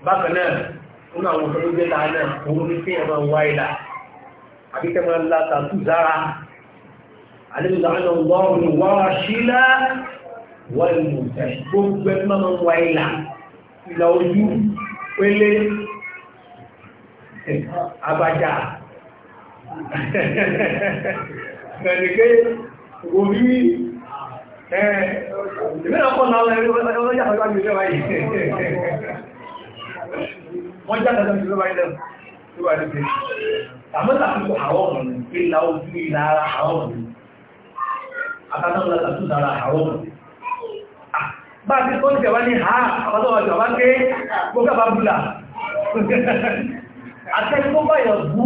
bákan náà nínú àwọn ọ̀sán ló jẹ́ láàrín òun ní kí ẹ̀mọ́ Ẹnìké, orí ìmẹ́rẹ̀ pọ̀ náà wọ́n yàtọ̀ láti ìjọba yìí. Wọ́n jáde láti ìjọba yìí lẹ́wọ̀ tó wà lókè. Àmọ́ta fífò àwọn ọ̀nà pé láwọ́ sí ilá ara àwọn ọ̀nà. Àtàtàkùn látàtù lára àwọn ọ̀nà. Bá ti kọ́ ìjọba ní ha, àpàtàkùn ìjọba ké, gbogbo àbábùlà. Àtẹ́kùn báyọ̀ bú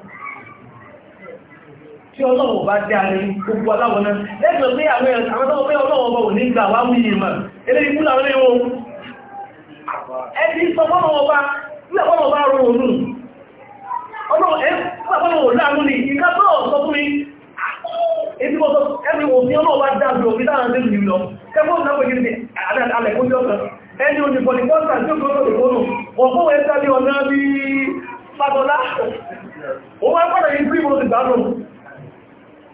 tí ọlọ́wọ̀ bá dé alẹ́ gbogbo aláwọ̀ná lẹ́gbẹ̀ pé àwọn ẹ̀sàmọ́tọ́wọ́ pé ọlọ́wọ̀ bá wò ní gbà wá wí ìmọ̀ eléyìí fún àwọn ẹ̀wọ̀ ẹbí sọ fọ́nàwọ̀ bá nígbàfọ́nàwọ̀ bá rọ òun ọlọ́wọ̀ ẹ̀fọ́nàwọ̀ láàrún ní ìkà tó sọ fún mi ẹbí wọ́n sọ ẹbí wọ́n sí ọlọ́wọ̀ bá dáàbò òbí dáàbò ní ìlú lọ kẹfọ́n náà pẹ̀lú ní alẹ́ kó jọ́ kan ẹni òjìbọ̀ ní pọ́ńtà tí ó kọ́ lọ́dọ̀ ìfọ́nù wọ́n fún ẹ̀ta ní ọ̀nà bí fàtọ́lá òun wá pọ́nà yìí tí mo ti gbà lọ́nà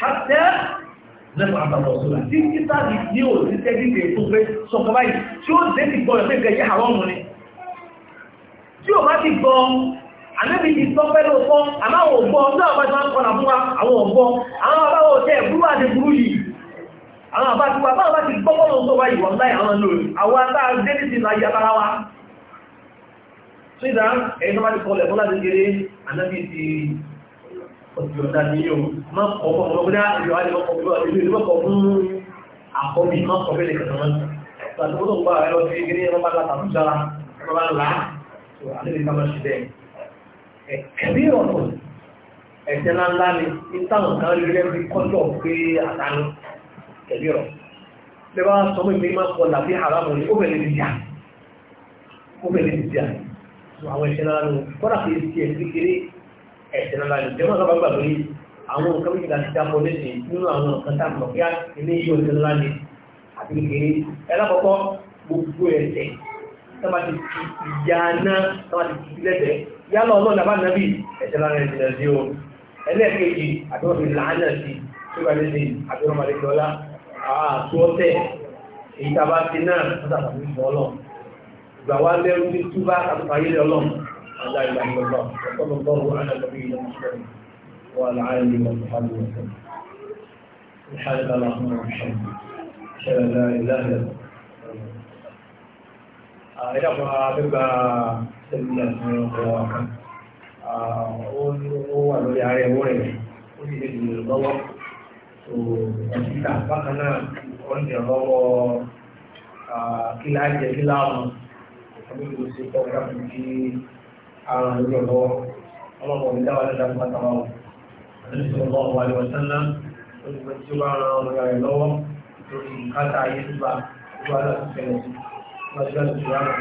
hàtẹ́ lẹ́fọ̀ àtàwọn ọ̀ṣọ́lá tí títà ní ní ò sí tẹ́jú ìdè tó pé sọ̀kọ̀ báyìí tí ó dé ti gbọ́ ẹ̀ pé gẹ̀yẹ́ àwọn ọmọ ni tí ò bá ti gbọ́ àmẹ́bí ti tọ́ pẹ́ lóòpọ́ àmáwọn ògbọ́ ní àwọn ọmọ ìwọ̀n kọ́nà fún wa àwọn ògbọ́ àwọn àbáwọ̀ tẹ́ ẹ̀búrú àti burú yìí àwọn àbá ti wà báwọn bá ti gbọ́gbọ́ lóòpọ́ tó wá ìwọ̀n láì àwọn lórí àwọn àtàrà débì ti láyé abára wa sídá ẹ̀yìn tó bá ti kọlẹ̀ fún láti kéré àmẹ́bí ti ọjọ́ ọ̀dá ní yóò má kọ̀ fún ọmọ bóyá ìlú alẹ́ ọkọ̀ fún ìlú ìlú ọkọ̀ fún àkọ́bí má kọ̀ fẹ́lẹ̀ kẹta wọn láti ó tó ń bá ẹ lọ sí gírí ẹmọ bá láta fún sára ẹmọ bá là tó alẹ́lẹ́ ká má ṣe bẹ́ẹ̀ ẹ̀kẹ́bí ọ̀pọ̀ ẹ̀sẹ̀ ńláńlá ni ní táwọn kan rí rẹ́ bí kọ́jọ́ pé àtàní ẹ̀kẹ́bí ọ̀rọ̀ bẹ́ẹ̀ bá ìgbé má kọ làbí àrámọ̀ ni ó bẹ̀rẹ̀ ti jà àwọn ẹ̀sẹ̀ ńláńlá ni kọ́dà ẹ̀sìn náà lálẹ́ ìjọba sábà gbà lórí àwọn nǹkan méjìlá ti dápọ̀ lẹ́sìn nínú àwọn nǹkan tá a mọ̀ kí á ilé yìí òṣèlú ńlá ni àti kékeré ẹlẹ́kọ̀ọ́kọ́ gbogbo ẹ̀sẹ̀ sábà ti fi ìyá náà sábà ti fi lẹ́sẹ̀ yálà ọlọ́run nàbà nàbì ẹ̀sẹ̀ lára ẹ̀sìn náà sí o ẹlẹ́ẹ̀kejì àti wọ́n fi làánà sí tó bá لا اله الا الله وصلى الله على نبينا محمد وعلى اله وصحبه وسلم سبحانك اللهم وبحمدك اشهد ان لا اله الا انت ẹ̀dá fún àgbẹ́gbà sẹ́mìnà fún ọ̀rọ̀ ọ̀kan ó wà lórí ààrẹ owó rẹ̀ ó sì lè dìbò lọ́wọ́ tó ọ̀síta bákan náà ó ń dìbò lọ́wọ́ kíláàjẹ kíláàmù ọdún tó ṣe tọ́ka fún kí àwọn ìlú lọ́wọ́ ọlọ́pọ̀ ní dáwà dáadáa fún àtàwọn ọmọ ẹlẹ́sìn ọmọ ọmọ àlẹ́ wọ̀sánlá ó ti pẹ̀lú tí ó bá ran ọmọ rẹ̀ lọ́wọ́ lórí káta ayé túbà tó bá láti fẹ̀lẹ̀ sí wájú láti fi rárá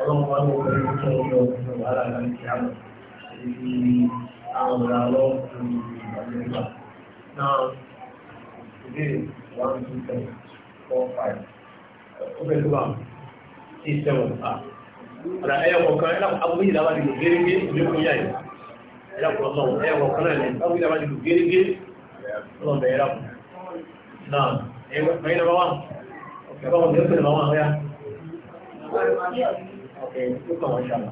ọlọ́pọ̀ wọn ló pẹ̀lú tó ń lọ fún wàhálà láti fi rárá ibi àwọn ọ̀rọ̀ àlọ́ lórí ìgbàlẹ́ ìgbà náà ìbéèrè one two three four five ó bẹ̀ tó bá six seven five. ọ̀nà ẹyọ kọ̀ọ̀kan ẹlọ́pàá ìlàbàdì lò gẹ́gẹ́ lókun yáyì ẹlọ́pàá ọ̀nà ẹyọ kọ̀ọ̀kan ẹlọ́pàá ìlàbàdì lò gẹ́gẹ́ lọ́nà ẹlọ́pàá náà ẹ̀yìn nọ́mbà wọn ọ̀kẹ́ bọ́ọ̀ ní nke, pèlè bàwọn àwọn yá ọ̀kẹ́ ó kàn wọ́n ṣàlọ́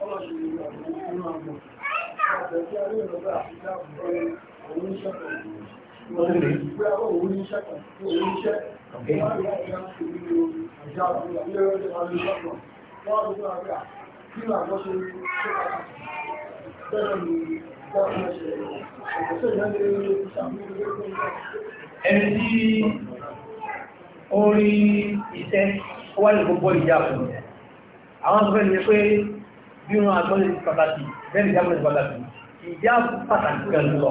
Ọlọ́ṣùgbọ́n Ẹni tí orí ìṣẹ́ wà ní gbogbo ìjà fún àwọn tó fẹ́ pé bí wọn àgbọ́lẹ̀ pàtàkì bẹ́ẹ̀ ìjábọ̀lẹ̀ pàtàkì ìjà pàtàkì kan lọ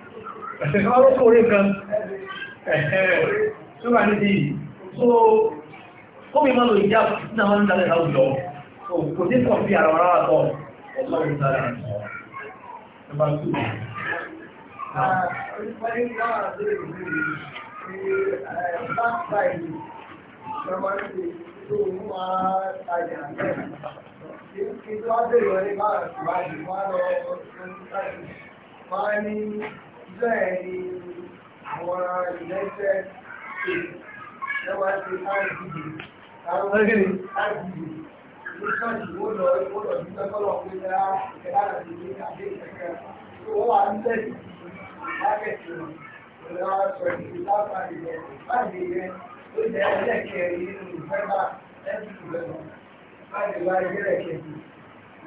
ọ̀rọ̀kọ̀ orí kan ṣúgbà ní náà wọ́n ń dalẹ̀ láwùjọ kò máa ṣùgbà bẹ́ẹ̀ ni àwọn ìlẹ́sẹ̀ ìjọba ti rgb àwọn rgb ní ṣọ́ọ̀ṣì ó lọ ó lọ sí pẹ́kọ́lọ̀ pé dá ìkẹ́lá àti ilé àti ìkẹ́kẹ́ tó wọ́n wà ń tẹ̀sí mákẹ́tì wọn ìlà sọ ìdílé lápárí rẹ̀ láti yẹ ó jẹ́ ẹlẹ́kẹ̀ẹ́ nínú ìfẹ́bà ẹ̀sùn rẹ̀ lọ láti wá ẹgbẹ́ rẹ̀ kẹ̀kẹ́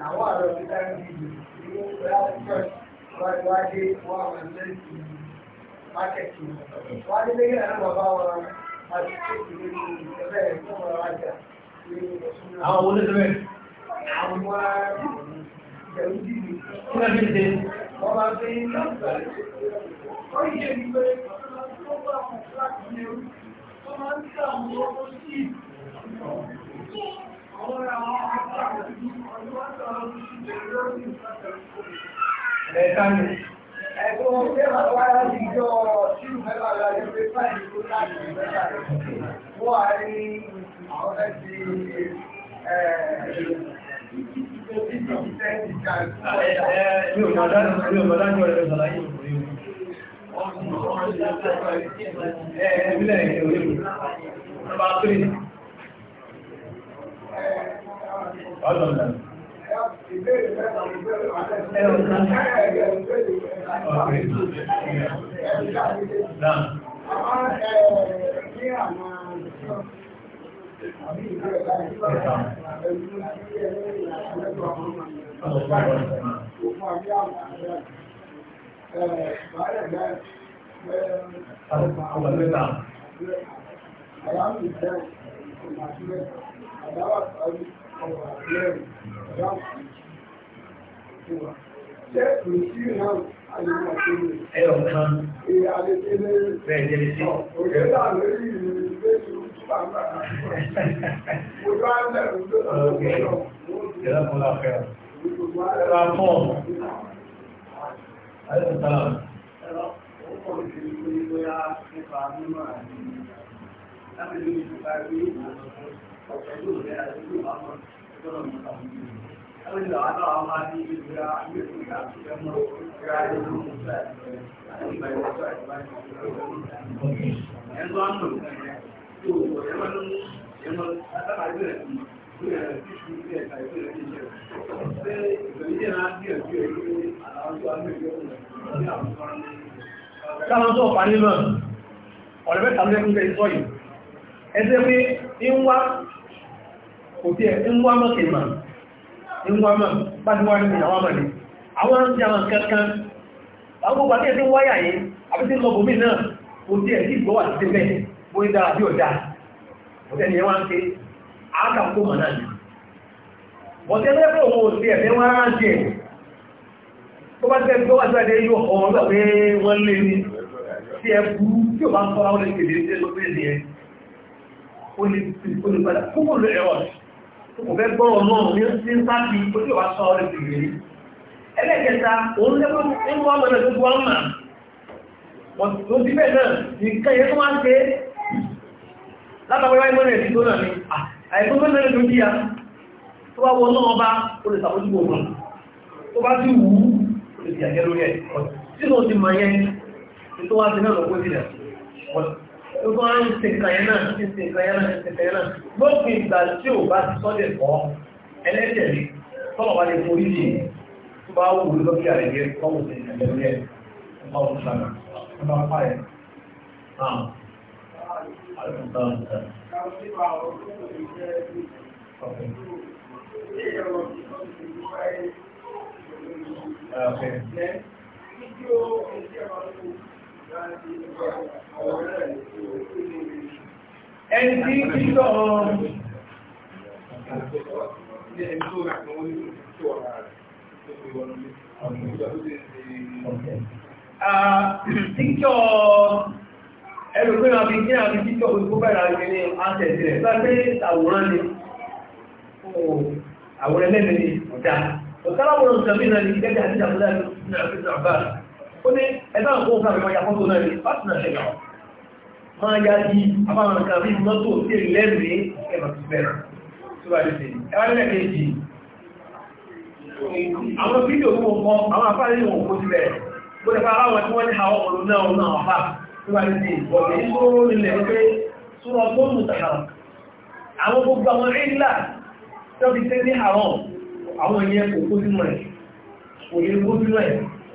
àwọn àrọ̀ ti rgb ní wájú wọ́n àwọn ẹlẹ́sìn mákẹ̀tì wọ́n á ní lẹ́yìn àwọn bàbá wọn àti kéèkì lórí ìjọba ẹ̀ fún ọ̀rọ̀ ajá àwọn owó lẹ́sẹ̀rẹ̀ àwọn ẹ̀rú dìbò kí wọ́n fi ṣe wọ́n máa fi ń lọ́gbà ó yẹ ní pé wọ́n bá wọn láti ní ẹrú wọ́n máa ń tẹ àwọn owó sí àwọn àwọn àwọn àti ọdún wáṣọ ọdún sí ìjọba lórí ìpàtàkì ẹ̀ẹ́ta ni. Ẹ̀gbọ́n ó jẹ́ bàbá láti jọ sí ìfẹ́lá láti pé fáìlì tó láti ìfẹ́lá rẹ̀. Wọ́n á rí àwọn fẹ́ ti Mi ò mọ̀ dájọ́ rẹ̀ ṣàlàyé òkúrí òkúrí. Ẹ̀ẹ́bílẹ̀ ìrìn òní. Ọba 3. Ọlọ́dọ̀. Àwọn ìgbẹ́ ọ̀nà sílẹ̀, àdáwà ọ̀rọ̀ ìlẹ́rìí. Ẹ̀ọ̀kan. Bẹ́ẹ̀ jẹ́ sí. Ọ̀gẹ́. Ìrọ̀kùnlá fẹ́. Ẹ̀rọ fún ọ̀nà. Ẹ̀rọ fún ọ̀nà. Ẹ̀rọ fún ọ̀nà. Káwọn tó ọ̀pá nílọ̀, ọ̀rẹ́bẹ́ta lẹ́kùn tẹ́ ẹgbẹ́ pé ń wá kò tí ẹ̀ ń wá mọ́ kèèmà ń wá mọ́ bájúwá ní àwọn àmàlì àwọn ń tí àwọn kankan àwọn gbogbo àti ẹ̀sìn wáyà yìí àbí tí lọ́gbọ̀mí náà kò tí ẹ̀ sí ìgbọ́wà sí tẹ́lẹ̀ bó ń dára bí ọ̀dá ọ̀tẹ́ ni ẹ wá ń ṣe àákàkó mọ̀ náà ni bọ̀tẹ́ lẹ́pọ̀ òun ò sí ẹ̀fẹ́ wá ń jẹ tó bá tẹ́ gbọ́wà sí ẹ̀dẹ́ yóò ọ̀rọ̀ lọ́pẹ́ wọ́n lé ní tí ẹ bú tí ò bá ń kọ́ra ó lè kèdè ó lè padà kúkúrú ẹ̀wọ̀n kò fẹ́ gbọ́ ọmọ ní ń sáàbí ojú wa sọ ọ̀rẹ́ ìgbèrè ẹlẹ́kẹta òun lẹ́kọ́ ń wá mọ̀nà tó wá mà wọ́n tó bí bẹ́ẹ̀ náà nìkan yẹn tó wá ń ṣe látàwọn ẹwà ìmọ̀nà ẹ̀sìn tó náà ni àìkú mọ́nà ẹ̀sìn tó bí ya tó bá wọ náà bá ó lè sàbójú bò wọn tó bá ti wù ú ó lè ti àjẹ́ lórí ẹ̀ tí ó ti mọ̀ yẹn tó wá ti náà lọ tó bá ń ṣe kàyẹ́ náà ṣe ṣe kàyẹ́ ìgbà tí ò bá ti sọ́dẹ̀ kọ́ ẹlẹ́dẹ̀ rí tọ́wọ́ bá lè forí jì tó bá wù ú lọ́kì àrẹ̀yẹ tọ́wọ́ sí ẹlẹ́dẹ̀ ọmọ òṣàlà ọmọ apá ẹ̀ Okay ẹni tí títọ̀ Tíkọ̀ ẹlùgbé máa fi jẹ́ àti títọ̀ òṣìkò bẹ̀rẹ̀ àrígbé ní àtẹ̀sí rẹ̀ sáré àwòrán ni àwòrán lẹ́mẹ̀ẹ́ ọ̀dá. Ọ̀tá láwòrán ìjọmí náà ni gẹ́gẹ́ àti àmúdá ní àfíìsì àbára ó ní ẹ̀dá òkú fún àmì ọjà fọ́tò náà rí pátínà ṣẹlẹ̀ máa yá di àbáwọn nǹkan rí mọ́tò sí lẹ́rìí ẹ̀mà ti bẹ̀rẹ̀ tó bá lè ṣe ẹwà nílẹ̀ kejì àwọn fídíò tó wọ́n kọ́ àwọn afárí wọn kó ti bẹ̀rẹ̀ bó lè fa aláwọ̀ tí wọ́n ní àwọn ọ̀rọ̀ náà wọn náà fà tó bá lè ṣe ọ̀dẹ̀ yìí tó rọ́ nílẹ̀ pé súnmọ́ tó mú tàkàrà àwọn gbogbo àwọn ríńlá tó fi tẹ́ ní àwọn àwọn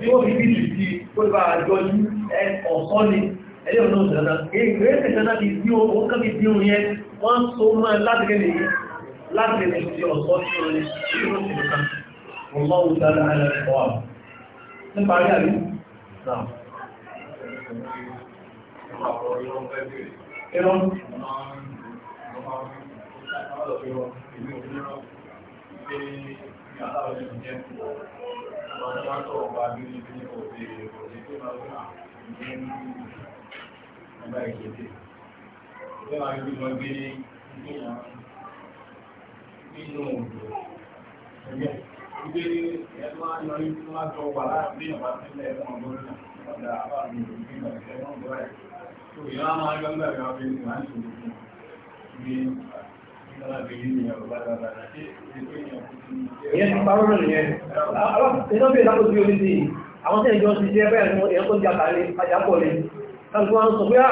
tí ó rí bíjì sí pẹ́lá àjọ yìí ọ̀sán ni ẹlẹ́ ọ̀nà òṣèlú ẹgbẹ́ ìṣẹ́lá ti bí o kọ́ bí bí orin yẹn wọ́n so máa láti gẹ́lẹ̀ yìí láti lè fi ọ̀sán sí orin sí ìrọ̀sìn kan ọmọ òṣèlú ààrẹ ọ̀wà nípa rí àrí náà ẹ̀rọ Ìgbé Ìyá máa gbọ́ngbà ìwà bí i ìwà ìṣòro fún mi ìyẹn ti parọ́ lónìí yẹn ìtọ́jú ìlàkó tí ó ní sí àwọn tẹ́lẹ̀ jọ ti jẹ́ bẹ́ẹ̀ ní ẹ̀kọ́ ti àtàrí àjápọ̀ lè káàkiri wọn sọ pé à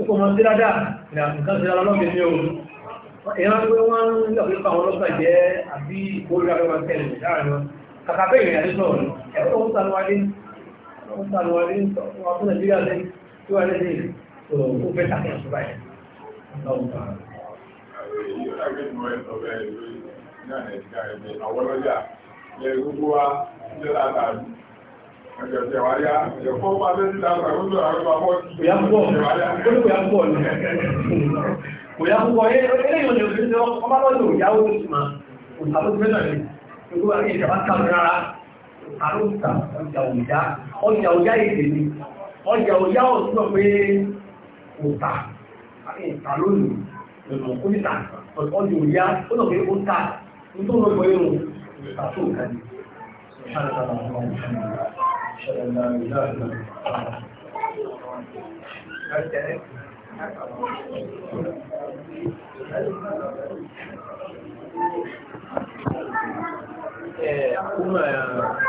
ìkọ̀ mọ̀ sí dáadáa nǹkan sí dáadáa lọ́gbẹ̀ẹ́ ní o ìran pé wọ́n ń lọ pé àwọn ọlọ́gbà jẹ́ àbí ìkórìíra pé wọ́n tẹ̀lé láàrin wọn kàkà bẹ́ẹ̀ ìrìn àdéṣọ́ rẹ̀ ẹ̀kọ́ ń sanuwadé ń sanuwadé Kò yá púpọ̀ eléyìí ọ̀nà òṣèré ọmọ lọ́dún ìyáwó ìsìnmá, òṣàlógbẹ́nà ní, ìgbówà ní ìjọba kàrù rárá, àrùsà ọjà òjá, ọjà òjá èdè ni, ọjà òjá ọ̀sùn pé òta, àti ìta lónìí. ẹ̀mọ̀ ó ní tà ọdún òyà ó lọ pé ó tà nítorí wọn